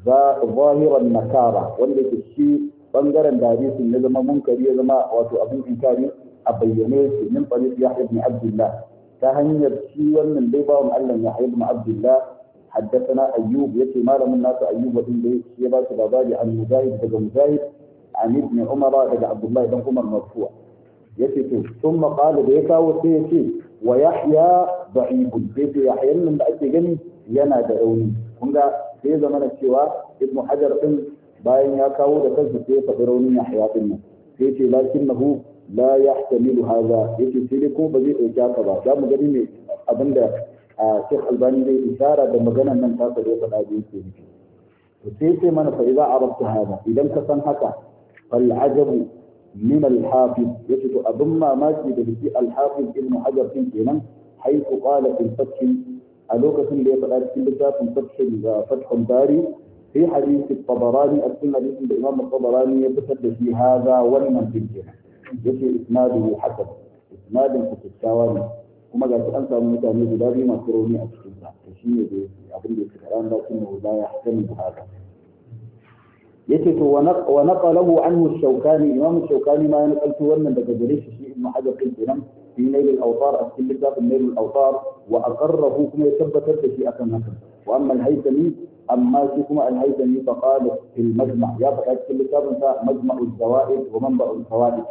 Speaker 1: zahiran nakara wanda ke shi bangaren da hadisin ya zama munkari ya zama wato abin inkari a bayyane shi min ya ibn abdullah ta hanyar shi wannan dai bawan Allah ya ibn abdullah حدثنا أيوب يتي ما لم الناس أيوب وإن يباس بابالي عن مجاهد بن مجاهد عن ابن عمر بن عبد الله بن عمر مرفوع يتي ثم قال بيكا وسيتي ويحيى ضعيف بيت يحيى من بأتي جني ينا دعوني kunga sai zamana cewa ibnu hajar din bayan ya kawo da kansa sai ya faɗi raunin yahya din nan yace ce nahu la yahtamilu hadha yace sai dai ko ba zai dauki haka ba za mu gani ne abinda a shekh albani zai isara da maganan nan ta sabo faɗa da yake yi to sai ce mana fa iza arabta hada idan ka san haka fal ajabu min al hafiz yace to abin mamaki da biki al hafiz ibn hajar din kenan haythu qala fil fath a lokacin da ya faɗa cikin littafin fath da fath bari sai hadith al tabarani al sunan din da imam al tabarani ya fitar da shi hada wannan din kenan yace isnadu hasan isnadin kutubtawani kuma ga an samu mutane guda biyu masu rauni a cikin sa to shi ne da abin da suka ran da sun mu ya hakani da haka yace to wa naqalahu anhu shaukani imam shaukani ma ya naqalto wannan daga gare shi shi ibn hajar din kenan fi nail al-awtar a cikin littafin nail al-awtar wa aqarrahu kuma ya tabbatar da shi akan haka wa amma al-haythami amma shi kuma al-haythami fa qala fil majma' ya faɗa cikin littafin sa majma'u al-zawaid wa manba'u al-fawaid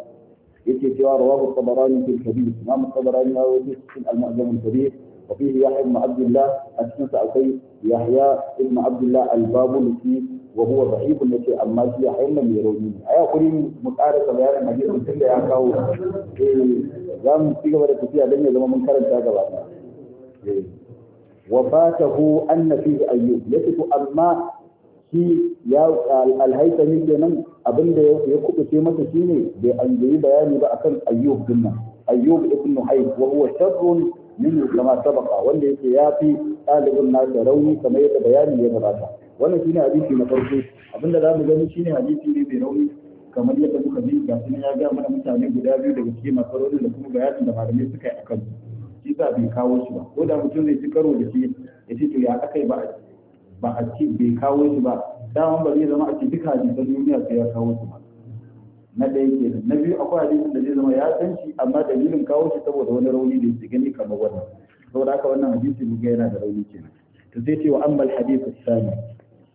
Speaker 1: يكي جوار رواه الطبراني في الكبير إمام الطبراني هو في المعجم الكبير وفيه يحيى بن عبد الله أسنس أخي يحيى بن عبد الله البابلسي وهو ضعيف يكي أما في يحيى لم يروني أي أقول متعارف بيان مجيء مثل يا كاو زم تيجي بدك تيجي أدنى زمان من كرنت هذا بعدنا وفاته أن فيه أيوب يكتب أما shi ya alhaitami kenan abin da ya kubace masa shine bai an yi bayani ba akan ayyub din nan ayyub ibn hayy wa huwa sharrun min kama wanda yake yafi ɗalibin nasa rauni kamar yadda bayani ya gabata wannan shine hadisi na farko abinda za mu gani shine hadisi ne mai rauni kamar yadda muka ji ga shi ya ga mana mutane guda biyu daga cikin masu rauni da kuma bayanin da malamai suka yi akan shi ba bai kawo shi ba ko da mutum zai ci karo da shi ya ce to ya akai ba ba a ce bai kawo shi ba daman ba zai zama a ce duka hadisan duniya sai ya kawo shi ba na ɗaya ke na biyu akwai hadisi da zai zama ya san shi amma dalilin kawo shi saboda wani rauni da yake gani kamar wannan saboda haka wannan hadisi mun ga yana da rauni kenan to sai ce wa ambal hadith sani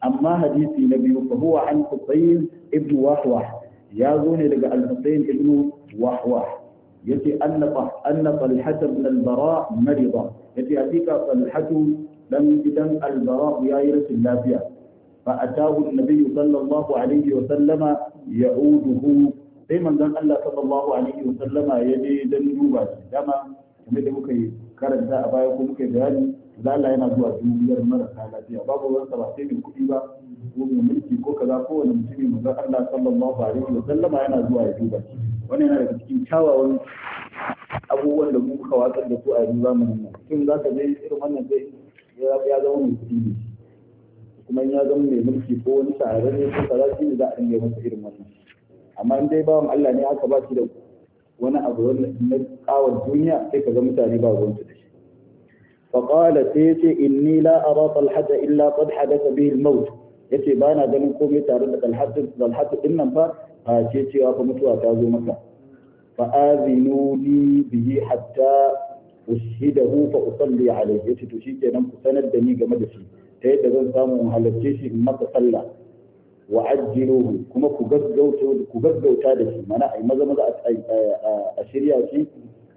Speaker 1: amma hadisi na biyu fa huwa an Husayn ibn Wahwah ya zo ne daga Al-Husayn ibn Wahwah yace anna anna Talha ibn al-Bara marida yace hakika Talha dan gidan albara ya yi rashin lafiya fa atahu annabi sallallahu alaihi wa sallama ya'uduhu sai manzon Allah sallallahu alaihi wa sallama ya je dan duba shi dama kamar da muka yi karanta a baya ko muka yi bayani lalla yana zuwa dubiyar marasa lafiya babu ruwansa ba sai mai kuɗi ba ko mai mulki ko kaza ko wani mutumi manzon Allah sallallahu alaihi wa sallama yana zuwa ya duba shi wani yana daga cikin kyawawan abubuwan da muka watsar da su a yanzu zamanin nan kin za ka je irin wannan sai ya zama mai ne kuma in ya zama mai mulki ko wani shahararren ne ko ne za a dinga masa irin wannan amma in dai bawan Allah ne aka ba shi da wani abu na kawar duniya sai ka ga mutane ba ruwan su da shi fa qala sai yace inni la ara talhata illa qad hadatha bihi al-maut yace ba na ganin komai tare da talhatu ɗinnan din nan fa a ce cewa fa mutuwa ta zo maka fa azinuni bihi hatta ushidahu fa usalli alayhi yace to shikenan ku sanar da ni game da shi ta yadda zan samu in halarce shi in masa sallah wa kuma ku gaggauta ku gaggauta da shi mana ai maza maza a shirya shi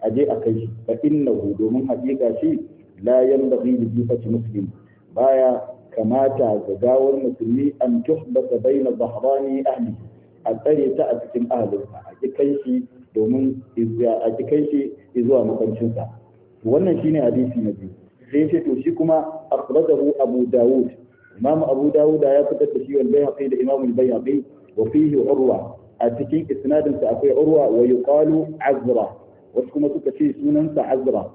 Speaker 1: a je a kai shi fa innahu domin hakika shi la yanbaghi li jifati muslim baya kamata ga gawar musulmi an tuhbata baina zahrani ahli a tsare ta a cikin ahalinsa a kai shi domin a kai shi zuwa makancinsa wannan shine hadisi na biyu sai ce to shi kuma akhrajahu abu da'ud imam abu da'ud ya fitar da shi wal bayhaqi da imam al bayhaqi wa fihi urwa a cikin isnadin sa akwai urwa wa yuqalu azra wasu kuma suka ce sunan sa azra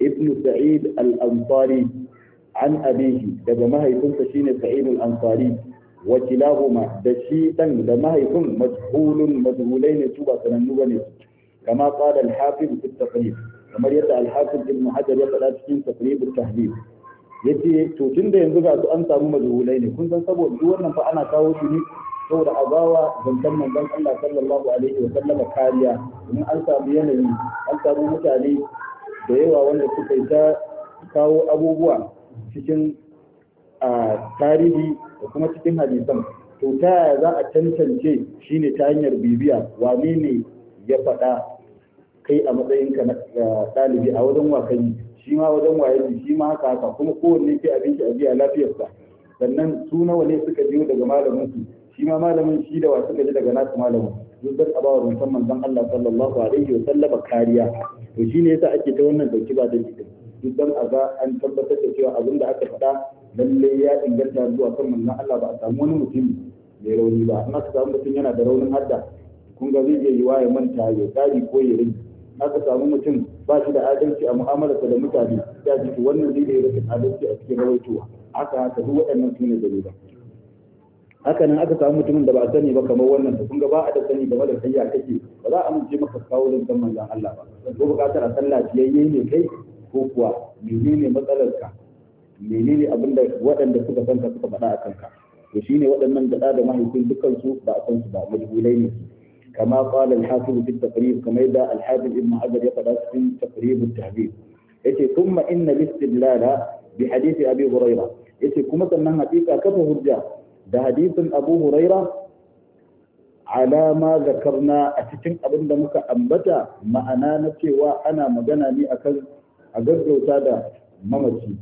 Speaker 1: ibnu sa'id al ansari an abihi daga mahaifinsa shine sa'id al ansari wa kilahuma da shi dan da mahaifin majhulun majhulai ne su ba sanannu bane kama qala al hafiz fi at taqrib kamar yadda alhafiz ibn hajar ya faɗa cikin tafribul tahdid yace to tunda yanzu ga su an samu majhulai ne kun san saboda duk wannan fa ana kawo shi ne saboda a bawa zancen manzon Allah sallallahu alaihi wa sallama kariya in an samu yanayi an samu mutane da yawa wanda suka yi ta kawo abubuwa cikin tarihi da kuma cikin hadisan to ta yaya za a tantance shine ta hanyar bibiya wane ne ya faɗa kai a matsayin na eh, ɗalibi a wajen wa kai shi ma wajen wa yake shi ma haka haka kuma kowanne ke abinci a biya sa sannan su nawa ne suka biyo daga malamin su shi ma malamin shi da wa suka ji daga nasu malamin duk dan bawa rumfan manzon Allah sallallahu alaihi wa sallama kariya to shi ne yasa ake ta wannan dauki ba da duk duk dan ga an tabbatar da cewa abin da aka faɗa lalle ya inganta zuwa kan manzon Allah ba a samu wani mutum mai rauni ba amma ka samu mutum yana da raunin hadda kun ga zai iya wa ya manta ya tsari ko ya rinji aka samu mutum ba shi da adalci a mu'amalarsa da mutane ya ji wannan ne da ya adalci a cikin rawaitowa aka haka duk waɗannan su ne dalilan haka nan aka samu mutumin da ba a sani ba kamar wannan da kun ga ba a da sani da kai ya kake ba za a amince maka kawo zancen manzon Allah ba ko bukatar a sallah fiyayye ne kai ko kuwa menene matsalarka menene abin da waɗanda suka san ka suka faɗa a kanka to shine waɗannan gaɗa da mahaifin dukkan su ba a san su ba majhulai ne كما قال الحاكم في التقريب كما يدعى الحافظ ابن حجر يقرأ في تقريب التهذيب يتي ثم إن الاستدلال بحديث أبي هريرة يتي كما سنن حقيقة كفه الجاه ده حديث أبو هريرة على ما ذكرنا أتكن أبن دمك أنبتا معنا نتي وأنا مجنى لي أكل أجزء تادا mamaci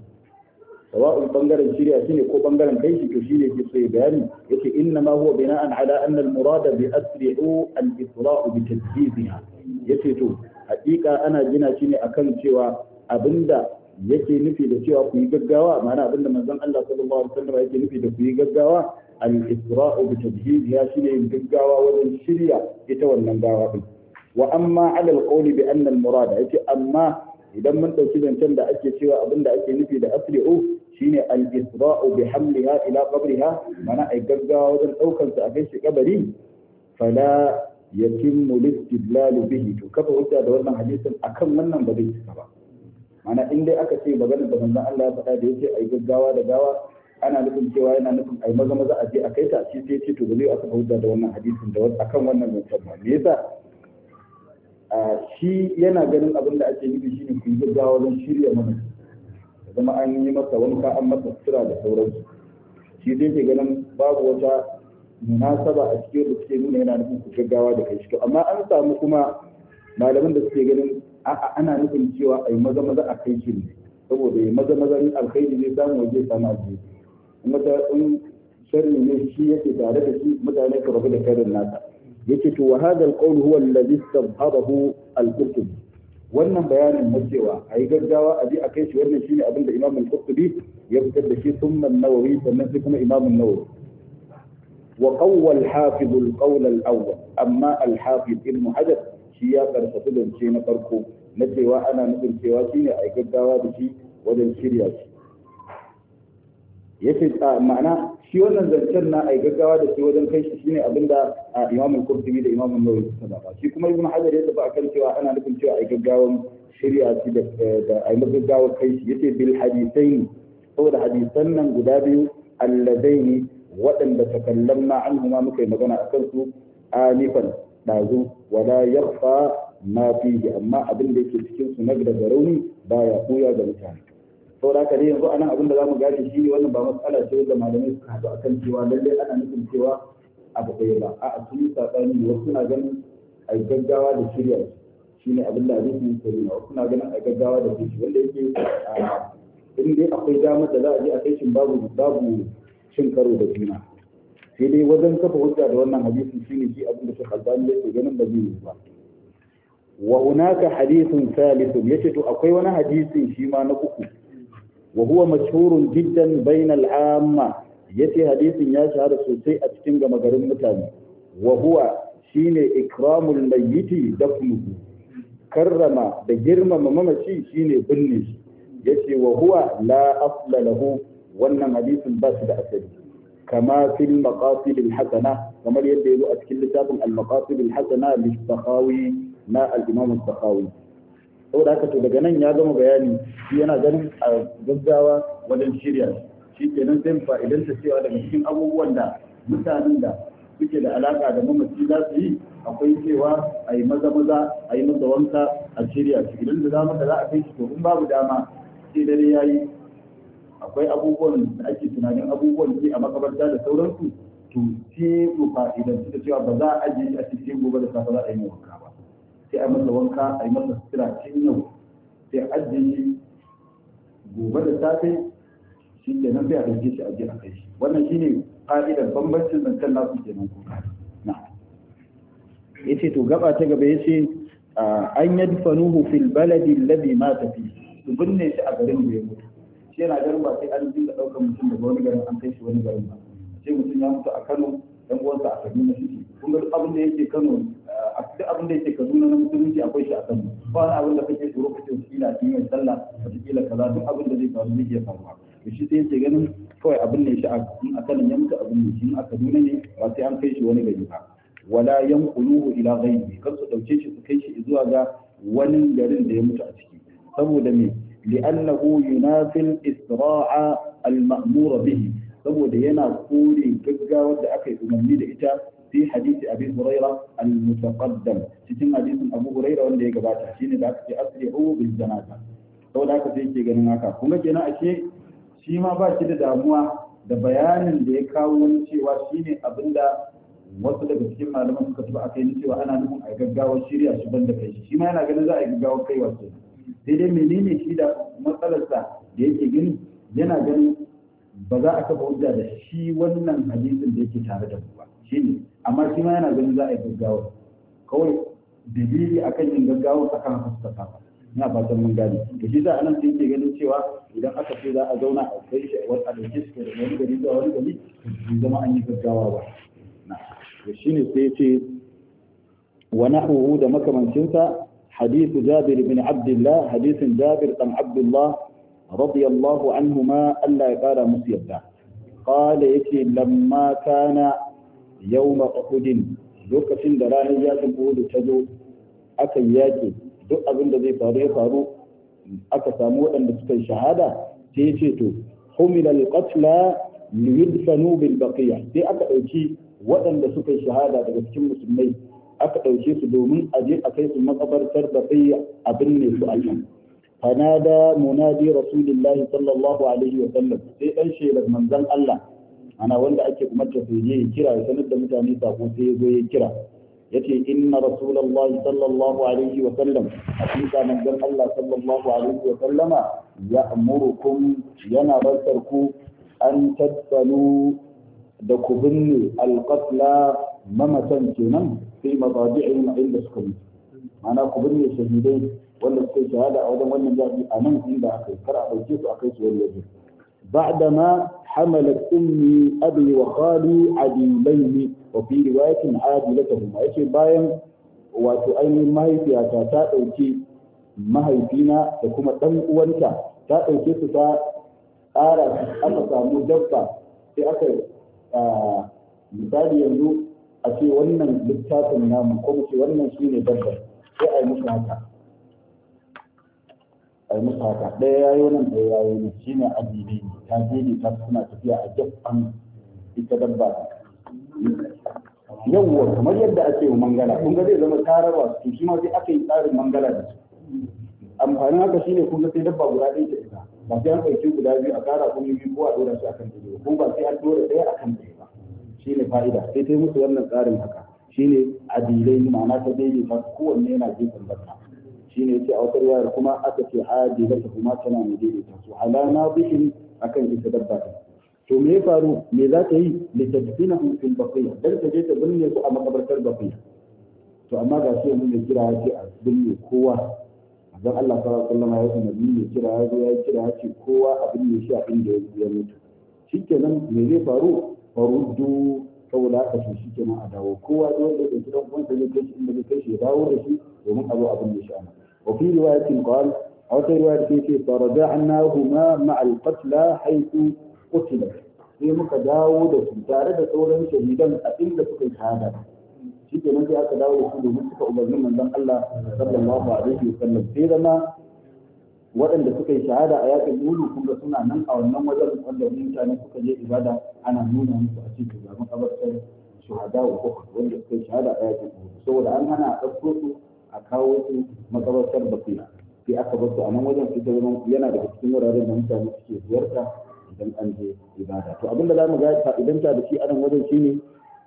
Speaker 1: sawa'un bangaren shirya shine ko bangaren kai shi to shi ne ke so ya bayani yake inna ma huwa bina'an ala anna al-murada bi asri'u al-isra'u bi to hakika ana gina shi ne akan cewa abinda yake nufi da cewa ku yi gaggawa ma'ana abinda manzon Allah sallallahu alaihi wasallam yake nufi da ku yi gaggawa al-isra'u bi tajhiziha shine yin gaggawa wajen shirya ita wannan gawa din wa amma ala al-qawli bi anna al-murada yace amma idan mun dauki zancen da ake cewa abinda ake nufi da asri'u shine al-isra'u bi hamliha ila qabriha mana ai gaggawa wajen daukar su a kai shi kabari fala yatimmu al-istidlal bihi to kafa hujja da wannan hadisin akan wannan ba zai cika ba mana in dai aka ce maganar da manzon Allah ya faɗa da yace ai gaggawa da gawa ana nufin cewa yana nufin ai maza maza a je a kai ta shi sai ce to ba zai aka hujja da wannan hadisin da akan wannan zancen ba me yasa shi yana ganin abin da ake nufi shine ku yi gaggawa don shirya mana zama an yi masa wanka an masa sutura da sauransu shi dai ke ganin babu wata munasaba a cikin da suke nuna yana nufin ku gawa da kai shi amma an samu kuma malaman da suke ganin ana nufin cewa a yi maza maza a kai shi ne saboda ya maza maza in alkhairi zai samu waje samu alkhairi kuma ta in sharri ne shi yake tare da shi mutane ka rabu da karin nasa yake to wa hadal qawl huwa alladhi istabharahu al-qurtubi wannan bayanin na cewa a yi gaggawa a ji a kai shi wannan shine abin da imam al-qurtubi ya fitar da shi sunna nawawi sannan sai kuma imam nawawi wa qawwa al-hafiz al-qawl al-awwal amma al-hafiz ibn hajar shi ya karfafa ce na farko na cewa ana nufin cewa shine a yi gaggawa da shi wajen shirya shi yace ma'ana shi wannan zancen na ai gaggawa da shi wajen kai shi shine abinda da Al-Qurtubi da Imam An-Nawawi suka ba shi kuma Ibn Hajar ya tafi akan cewa ana nufin cewa ai gaggawan shari'a shi da ai gaggawa kai shi yace bil hadithain saboda hadisan nan guda biyu alladaini waɗanda takallamna anhuma muka yi magana akan su anifan dazu wala yakhfa ma fihi amma abin da yake cikin su na rauni baya buya ga mutane saboda haka dai yanzu anan abin da zamu gashi shi wannan ba matsala ce da malamai suka haɗu akan cewa lalle ana nufin cewa abu ɗaya ba a'a sun yi saɓani wasu suna ganin a gaggawa da shirya shi ne abin da abin ke yi wasu suna ganin a gaggawa da shirya wanda yake in dai akwai damar da za a je a kai shin babu babu cin karo da juna sai dai wajen kafa hujja da wannan hadisin shine shi abin da shi Albani yake ganin ba zai ba wa hunaka hadithun thalith yace to akwai wani hadisin shi ma na uku wahuwa huwa mashhurun jiddan bainal amma yace hadisin ya shahara sosai a cikin gama garin mutane wahuwa shine ikramul mayyiti dafnuhu karrama da girmama mamaci shine binne shi yace wahuwa la asla lahu wannan hadisin ba su da asali kama fil maqasid al hasana kamar yadda yazo a cikin littafin al maqasid al hasana li na al imam al saboda haka to daga nan ya gama bayani shi yana ganin a gaggawa wajen shirya shi kenan zai fa'idanta cewa daga cikin abubuwan da mutanen da suke da alaka da mamaci za su yi akwai cewa a yi maza maza a yi maza wanka a shirya shi idan da zama da za a kai shi to in babu dama sai dare ya yi akwai abubuwan da ake tunanin abubuwan ke a makabarta da sauransu to sai mu fa'idanci da cewa ba za a ajiye a cikin gobe da safe za a yi wanka ba sai a masa wanka a yi masa sutura tun yau sai ajiye gobe da safe shi ke nan sai a ɗauke shi a je a kai shi wannan shine ƙa'idar bambancin zancen nasu ke nan kuka na ce to gaba ta gaba ce an yadfanuhu fil baladi labi ma fi su binne shi a garin da ya mutu shi yana garin ba sai an dinga ɗaukar mutum daga wani garin an kai shi wani garin ba sai mutum ya mutu a Kano dan uwansa a Kaduna shi kun ga abin da yake Kano duk abin da yake kaduna na musulunci akwai shi a kan ba abinda abin da kake tsoro kake kila a cikin sallah kake kila kaza duk abin da zai faru zai iya faruwa to shi sai yake ganin kawai abin ne shi a kan ya mutu abin ne shi a kaduna ne ba sai an kai shi wani gari ba wala yanquluhu ila ghaibi kar su dauke shi su kai shi zuwa ga wani garin da ya mutu a ciki saboda me li'annahu yunafil isra'a al-ma'mura bihi saboda yana kore gaggawar da aka yi umarni da ita في حديث أبي هريرة المتقدم cikin hadisin Abu Huraira wanda ya gabata shine da aka ce bil janaza saboda haka sai yake ganin haka kuma kenan ashe shi ma ba shi da damuwa da bayanin da ya kawo wani cewa shine abinda wasu daga cikin malaman suka tuba akai ni cewa ana nufin a gaggawa shirya shi da kai shi ma yana ganin za a yi gaggawa kai wasu sai dai menene shi da matsalarsa da yake gani yana ganin ba za a kafa hujja da shi wannan hadisin da yake tare da mu ba shi ne amma shi ma yana ganin za a yi gaggawa kawai dalili akan yin gaggawa a kan haskaka ina fatan mun gane da shi za a nan sai ke ganin cewa idan aka ce za a zauna a kai shi a wata dauke suke da wani gari zuwa wani gari su zama an yi gaggawa ba na to ne sai ce wa nahwuhu da makamancinsa حديث Jabir bin عبد الله Jabir جابر بن عبد الله رضي الله عنهما ألا يقال مسيدا قال يكي لما كان Yau uhudin lokacin da ranar yakin uhud ta zo aka yaƙi, duk abin da zai faru ya faru aka samu waɗanda suka yi shahada sai ce to humila alqatla liyudfanu bil baqiya sai aka ɗauki waɗanda suka yi shahada daga cikin musulmai aka ɗauke su domin a je a kai su makabartar baqiya abin ne su alhan fanada munadi rasulillahi sallallahu alaihi wa sallam sai ɗan shelar manzon Allah ana wanda ake umarta sai je ya kira ya sanar da mutane sako sai ya zo ya kira yace inna rasulullah sallallahu alaihi wa sallam hakika manzon Allah sallallahu alaihi wa sallama ya'murukum yana rantsar ku an tattalu da ku binne alqatla mamatan kenan fi mazabi'ihim inda suka mutu ma'ana ku binne shahidai wanda suka yi shahada a wajen wannan jami'i a nan inda aka yi kar a ɗauke su a kai su wani waje ba'da ma حملت أمي أبي وخالي عديلين وفي رواية عادلتهما يشي bayan wato ainihin mahaifiyata ta ɗauki mahaifina da kuma ɗan uwanta ta ɗauke su ta ƙara aka samu dabba sai aka misali yanzu a ce wannan littafin namu ko mu ce wannan shine dabba sai a yi musu haka ai mutaka ɗaya ya ɗaya yayo nan ɗaya yayo nan shi ne addini ne ta gini ta suna tafiya a gefen ita dabba yawwa kamar yadda ake yi mangala kun ga zai zama tararwa su shi ma sai aka yi tsarin mangala da su amfanin haka shine kun ga sai dabba guda ɗaya ta isa ba sai an ɗauki guda biyu a ƙara yi biyu ko a ɗora su akan ɗaya ko ba sai an ɗora ɗaya akan ɗaya ba shine fa'ida sai ta yi musu wannan tsarin haka shine adilai ma'ana ta daidaita kowanne yana jefan dabba shine yace a wata riwayar kuma aka ce hadi da ta kuma tana mai daidaita su ala nadihin akan ita dabba ta to me ya faru me za ta yi li tadfinahu fil bakwai? dan ta je ta binne su a makabartar bakwai? to amma ga shi yanzu mai kira ya ce a binne kowa don Allah sallallahu alaihi wasallam ya umarni mai kira ya zo ya kira ya ce kowa a binne shi a inda ya mutu shikenan me zai faru faruddu saboda haka shi shi kenan a dawo kowa da zai ya ɗauki ɗan uwansa zai kai shi inda zai kai shi ya dawo da shi domin a zo a binne shi a وفي رواية قال أو في رواية كيف فرجعناهما مع القتلى حيث قتل sai muka dawo da su tare da sauran shahidan a inda suka yi shahada shi ke nan sai aka dawo da su domin suka umarnin manzon Allah sallallahu alaihi wasallam sai zama waɗanda suka yi shahada a yakin Uhud kuma suna nan a wannan wajen wanda mutane suka je ibada ana nuna musu a cikin gaban kabartar shuhada wa wanda suka yi shahada a yakin Uhud saboda an hana a ɗauko su a kawo su makabartar basira sai aka basu a nan wajen su zama yana da cikin wuraren da mutane suke ziyarta idan an je ibada to abin da zamu ga ta da shi a nan wajen shine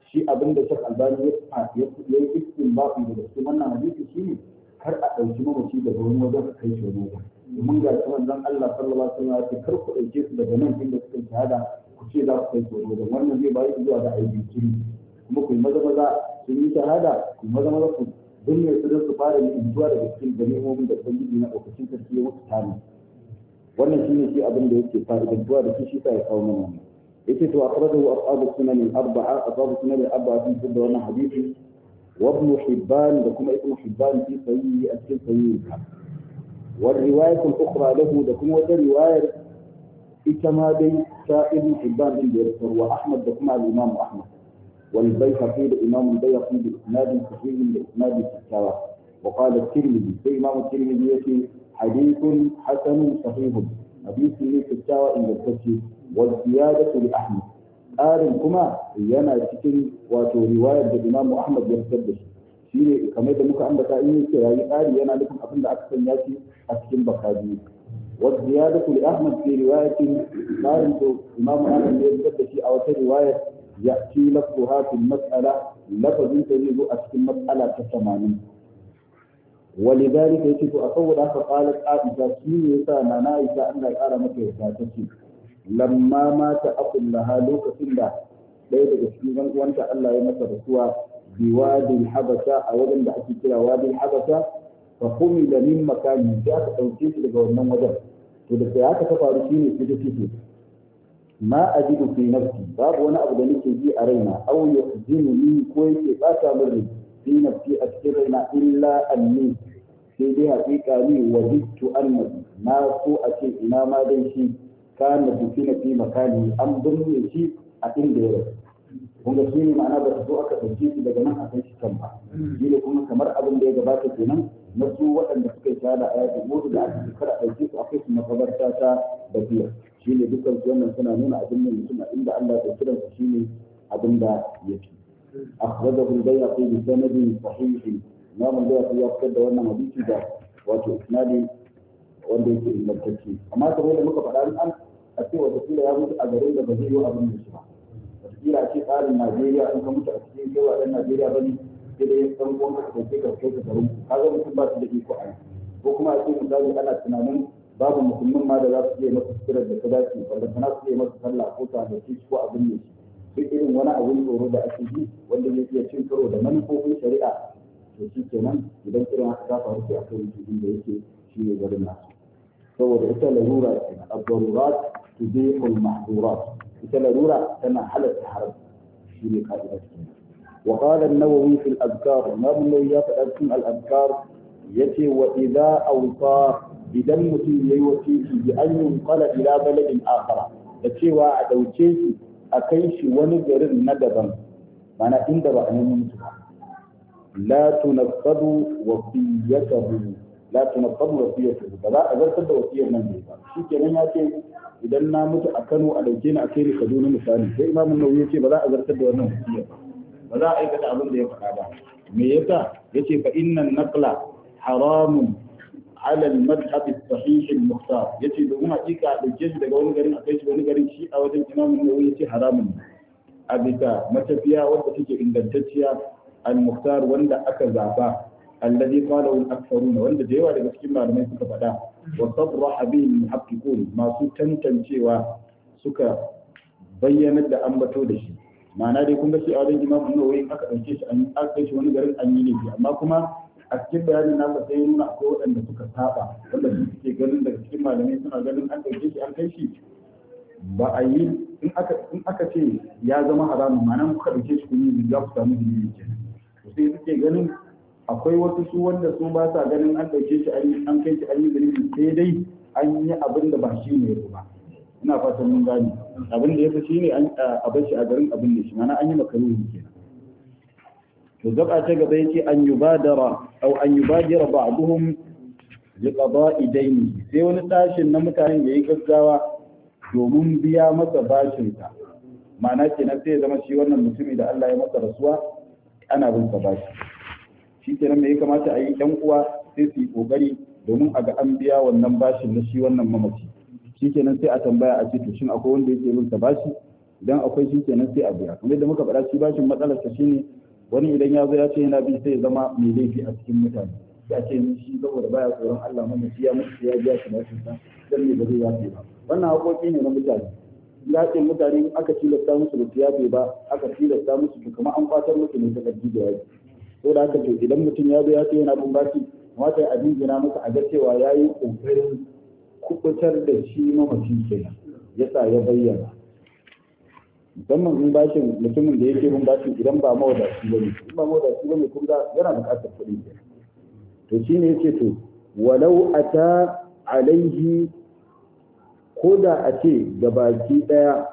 Speaker 1: shi abin da Sheikh Albani ya ya yi istinbabi da su wannan hadisi shine kar a ɗauki mamaci daga wani wajen kai shi wani wajen mun ga shi dan Allah sallallahu alaihi wasallam ya kar ku dauke su daga nan inda suka shahada ku ce za ku kai su wani wajen wannan zai ku zuwa da aiki kuma ku yi maza maza sun yi shahada ku maza maza ku don ya sadar su fara yin zuwa daga cikin ganimomin da ubangiji na ɗaukacin sarki ya mutu tani wannan ne shi abin da yake fa'idantuwa da shi shi sa ya kawo mana wannan yace to akhrajahu ashabu sunan al-arba'a ashabu sunan al-arba'a sun fitar da wannan hadisi wa hibban da kuma ibn hibban fi sahihi a cikin sahihi wa riwayat al-ukhra lahu da kuma wata riwayar ita ma dai ta ibn hibban din da ya wa ahmad da kuma al-imam ahmad والبيهقي لإمام البيهقي بإسناد صحيح لإسناد الشكاوى وقال الترمذي في إمام الترمذي يأتي حديث حسن صحيح حديث للشكاوى إن الكشف والزيادة لأحمد ƙarin kuma yana cikin wato riwayar da Imamu Ahmad ya fitar da shi shi ne kamar da muka ambata in yi ce yayi yana nufin abin da aka sanya shi a cikin baka biyu wasu ziyadatu li Ahmad fi ƙarin to Ahmad da a wata riwayar يأتي لفظها في المسألة لفظ تجد أسكن مسألة كثمانين ولذلك يجب أقولها فقالت عائشة سنية ما نائشة أن الأرمة يتاتي لما مات أقل لها لوك سنة ليس جسمي وانت ألا يمت رسوها بوادي الحبشة أو وجن أتي كلا وادي الحبشة فحمل من مكان جاءت أو تيجي لقوة من وجه ولكي أتفعل شيء في ma ajidu fi nafsi babu wani abu da nake ji a raina aw ni ko yake bata min rai fi nafsi a cikin raina illa anni sai dai haƙiƙa ni wajidtu annabi na so a ce ina ma dai shi kana dukina fi makani an binne shi a inda ya rasu kun ga shi ma'ana ba zo aka ɗauke shi daga nan a kai shi kan ba shi kuma kamar abin da ya gabata kenan na su waɗanda suka yi shahada a yakin mutu da aka shekara ɗauke su akwai kai su makabarta ta tafiya shi ne dukkan wannan suna nuna abin da mutum inda Allah ya kira shi ne abin da yake akhrajahu al bi sanadin sahih ya fitar da wannan hadisi da wato isnadi wanda yake ingantacce amma kamar da muka faɗa an a ce wata kila ya mutu a garin da ba yi abin da shi ba wata kila a ce tsarin Najeriya in ka mutu a cikin kai wa ɗan Najeriya ba ne sai dai ɗan uwan ka ɗauke ka kai ka garin ka ga mutum ba su da iko a ko kuma a ce misali ana tunanin babu musulmin ma da za su iya masa sirar da ta dace wanda kana su je masa sallah ko ta da shi ko abin ne shi duk irin wani abin tsoro da ake yi wanda zai iya cin karo da manufofin shari'a to shi kenan idan irin haka ta faru sai a kai mutum da yake shi ne garin nasu saboda ita larura ce ad-darurat tudihul mahdurat ita larura tana halatta haram shi ne ka'idar kenan وقال النووي في الأذكار ما من يفعل الأذكار يتي وإذا أوصى idan mutum ya yi wasiki bi an yi kwala ila baladin akara da cewa a ɗauke shi a kai shi wani garin na daban mana inda ba a nemi mutu ba la tunaffadu wasiyatahu la tunaffadu wasiyatahu ba za a zartar da wasiyar nan ne ba shikenan ya ce idan na mutu a Kano a ɗauke ni a kai ni Kaduna misali sai Imam Nawawi ya ce ba za a zartar da wannan wasiyar ba ba za a aikata abin da ya faɗa ba me yasa yace fa innan naqla haramun ala al-madhhab as-sahih al-mukhtar yace domin hakika dauke shi daga wani garin akai shi wani garin shi a wajen Imam Nawawi yace haramun a bisa matafiya wadda take ingantacciya al-mukhtar wanda aka zaba alladhi qala al-aktharun wanda da yawa daga cikin malamai suka faɗa wa sarraha bihi al-muhaqqiqun masu tantancewa suka bayyana da ambato da shi ma'ana dai kun ga shi a wajen Imam Nawawi aka dauke shi an aka wani garin an yi ne amma kuma a cikin bayani na ba sai nuna akwai waɗanda suka saba wanda su suke ganin daga cikin malamai suna ganin an ɗauke shi an kai shi ba a yi in aka ce ya zama haramun ma nan kuka ɗauke shi kun yi za ku samu zunubi ke to sai suke ganin akwai wasu su wanda su ba sa ganin an ɗauke shi an kai shi an yi jini sai dai an yi abin da ba shi ne ba ina fatan mun gane abin da ya fi shi ne a bar shi a garin abin da shi mana an yi makaruhu kenan to gaba ta gaba yace an yubadara aw an yubadira ba'dhum li qada'i dayni sai wani tashin na mutanen yayi gaggawa domin biya masa bashin ka ma'ana kenan sai ya zama shi wannan mutumi da Allah ya masa rasuwa ana bin sa bashi shi kenan me ya kamata a yi ɗan uwa sai su yi ƙoƙari domin a ga an biya wannan bashin na shi wannan mamaci shi kenan sai a tambaya a ce to shin akwai wanda yake bin sa bashi idan akwai shi kenan sai a biya kuma da muka faɗa shi bashin matsalar ta shine wani idan ya zo ya ce yana bi sai ya zama mai laifi a cikin mutane ya ce ni shi saboda baya tsoron Allah mana shi ya mutu ya biya shi bashin sa dan ne ba zai yafe ba wannan haƙoƙi ne na mutane ce mutane aka tilasta musu da su yafe ba aka tilasta musu to kuma an kwatar musu ne ta ƙarfi da yaji ko da aka ce idan mutum ya zo ya ce yana bin bashi kamata ya gina masa a ga cewa ya yi ƙoƙarin kubutar da shi mamacin kenan yasa ya bayyana musamman in bashin mutumin da yake bin bashin idan ba mawadaci ba ne in ba mawadaci ba ne kuma ga yana buƙatar kuɗi to shi ne yake to walau a ta alaihi ko da a ce gabaki ɗaya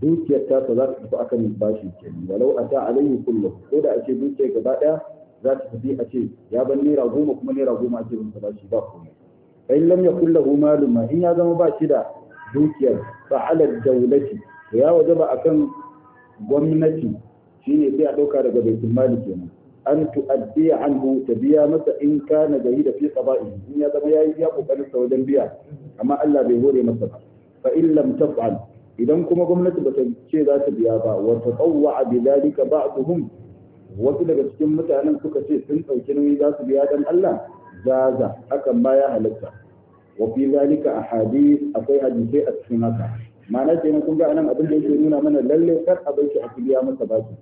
Speaker 1: dukiyar ta za ta tafi akan bashi ke walau a ta alaihi kullum ko da a ce dukiyar gaba ɗaya za ta tafi a ce ya ban naira goma kuma naira goma ake bin bashi ba komai in lam kulla lahu malum in ya zama ba shi da dukiyar fa ala dawlati ya waje ba akan gwamnati shine sai a ɗauka daga baitul maliki kenan an tu'addiya anhu ta biya masa in na gari da fi qaba'i in ya zama yayi iya kokarin sa wajen biya amma Allah bai hore masa ba fa in lam taf'al idan kuma gwamnati bata ce za ta biya ba wa tatawwa bi dalika ba'dhum wasu daga cikin mutanen suka ce sun dauki nauyi za su biya dan Allah zaza hakan ba ya halatta wa fi dalika ahadith akwai hadisi a cikin haka ma'ana kenan kun ga anan abin da yake nuna mana lalle kar a bai shi a biya masa baki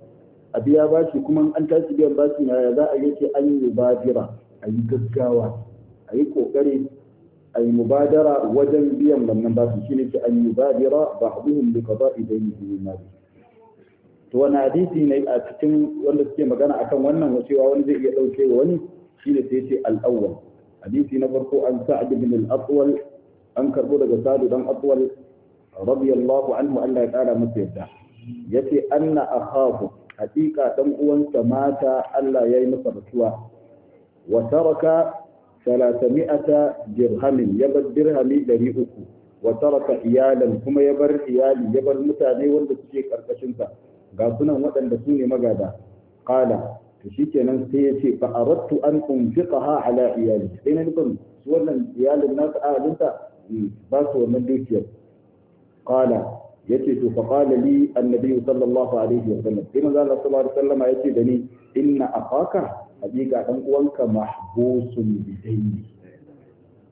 Speaker 1: a biya bashi kuma an tashi biyan bashi na ya za a yi ce an yi mubadira a yi gaggawa a yi kokari a yi mubadara wajen biyan wannan bashi shine ce an yi mubadira ba abuhun da kaza idan yi na biyu to wani hadisi ne a cikin wanda suke magana akan wannan cewa wani zai iya ɗauke wa wani shine sai ce al'awwal hadisi na farko an sa'ad bin al an karɓo daga sa'ad dan aswal radiyallahu anhu Allah ya kara masa yadda yace anna akhahu haƙiƙa ɗan uwansa mata Allah yayi masa rasuwa wa taraka 300 dirhamin ya bar dirhami uku wa taraka iyalan kuma ya bar iyali ya bar mutane wanda suke karkashin sa ga sunan waɗanda su ne magada ƙala to kenan sai ya ce a aradtu an ha ala iyali sai na nufin su wannan iyalin nasu ahalinta mm, ba su wannan dukiyar qala yace to fa qala li annabi sallallahu alaihi wasallam sai manzo Allah sallallahu alaihi wasallam yace da ni inna akhaka hakika dan uwanka mahbusun bidaini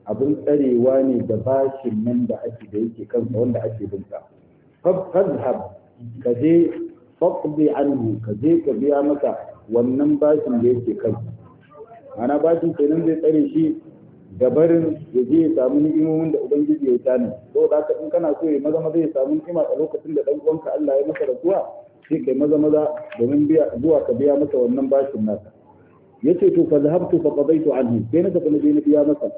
Speaker 1: abin tsarewa ne da bashin nan da ake da yake kansa wanda ake bin sa fadhhab ka je faqdi anhu ka je ka biya maka wannan bashin da yake kansa ana bashin kenan zai tsare shi da barin ya je ya samu ni'imomin da ubangiji ya tani ko da ka in kana so ya maza maza ya samu ni'ima a lokacin da dan uwanka Allah ya masa rasuwa sai kai maza maza domin zuwa ka biya masa wannan bashin naka yace to fa zahabtu fa qadaytu anhu sai na tafi na biya masa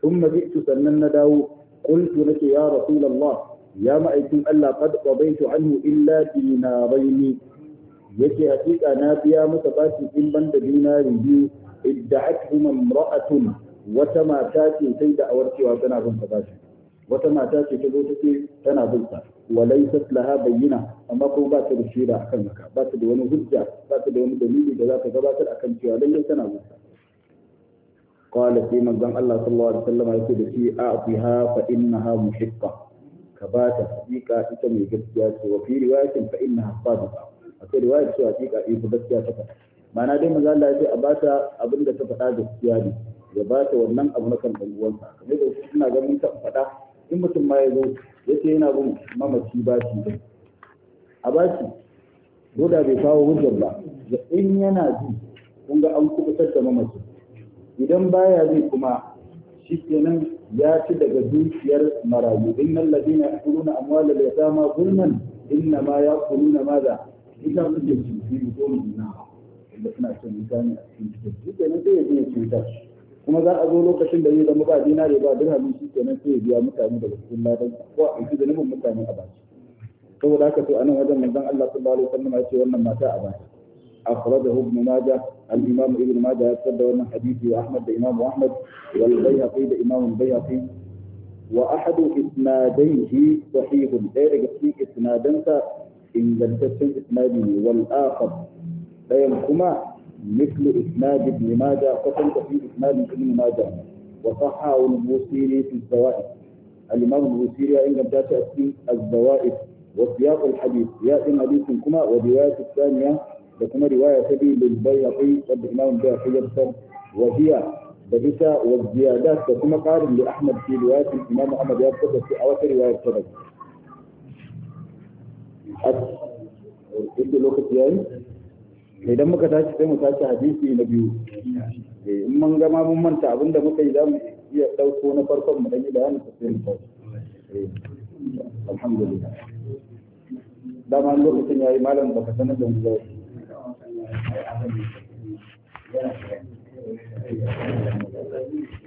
Speaker 1: thumma ji'tu sannan na dawo qultu nake ya rasulallah ya ma'aikin Allah qad qadaytu anhu illa dinaraini yace hakika na biya masa bashi in da dinari biyu idda'atuhuma imra'atun wata mata ce ta yi da'awar cewa tana bin sa bashi wata mata ce ta zo ta ce tana bin sa walai ta laha bayyana amma kuma ba ta da shaida akan haka ba ta da wani hujja ba ta da wani dalili da za ka gabatar akan cewa lallai tana bin sa qala sai manzon Allah sallallahu alaihi wasallam yake da shi a'tiha fa innaha muhibba? ka ba ta hakika ita mai gaskiya ce wa fi riwayatin fa innaha sadiqa akwai riwayar cewa hakika ita gaskiya ta faɗa ma'ana dai manzon Allah ya ce a ba ta abinda ta faɗa gaskiya ne ya ba ta wannan abu na kan ɗan uwansa kamar da ina suna ganin taɓa faɗa in mutum ma ya zo ya ce yana bin mamaci ba shi a ba shi ko da bai kawo hujjar ba in yana ji kun ga an kubutar da mamaci idan baya zai kuma shi kenan ya ci daga dukiyar marayu in innal ladina yakuluna amwalal yatama zulman inna ma yakuluna madha ita suke ci ko mun na da suna cin mutane a cikin cikin kenan sai ya je ya kuma za a zo lokacin da zai zama ba dinare ba dirhamin shi kenan sai ya biya mutane daga cikin ladan ko a ɗauki zanibin mutane a baki saboda haka to anan wajen manzon Allah sallallahu alaihi wasallam ya ce wannan mata a baki akhrajahu ibn majah al-imam ibn majah ya tsada wannan hadisi wa ahmad da imam ahmad wal bayhaqi da imam bayhaqi wa ahadu isnadaihi sahihun ɗaya daga cikin isnadansa ingantaccen isnadi wal akhar ɗayan kuma مثل إسناد ابن ماجه قتل في إسناد ابن ماجه وصححه الموسيري في الزوائد الإمام البوصيري عند جاءت في الزوائد وسياق الحديث يا يأتي حديث كما والرواية الثانية لكما رواية تبي للبيهقي قد الإمام البيهقي يبصر وهي بهتا والزيادات كما قال لأحمد في رواية الإمام محمد يبصر في أواخر رواية تبي أكد لوقت يعني idan muka tashi sai mu tashi hadisi na biyu eh, in mun gama mun manta abin da muka yi za mu iya ɗauko na farkon mu yi bayanin sa sai mu tashi eh, alhamdulillah dama lokacin yayi malam baka sanar da mu zai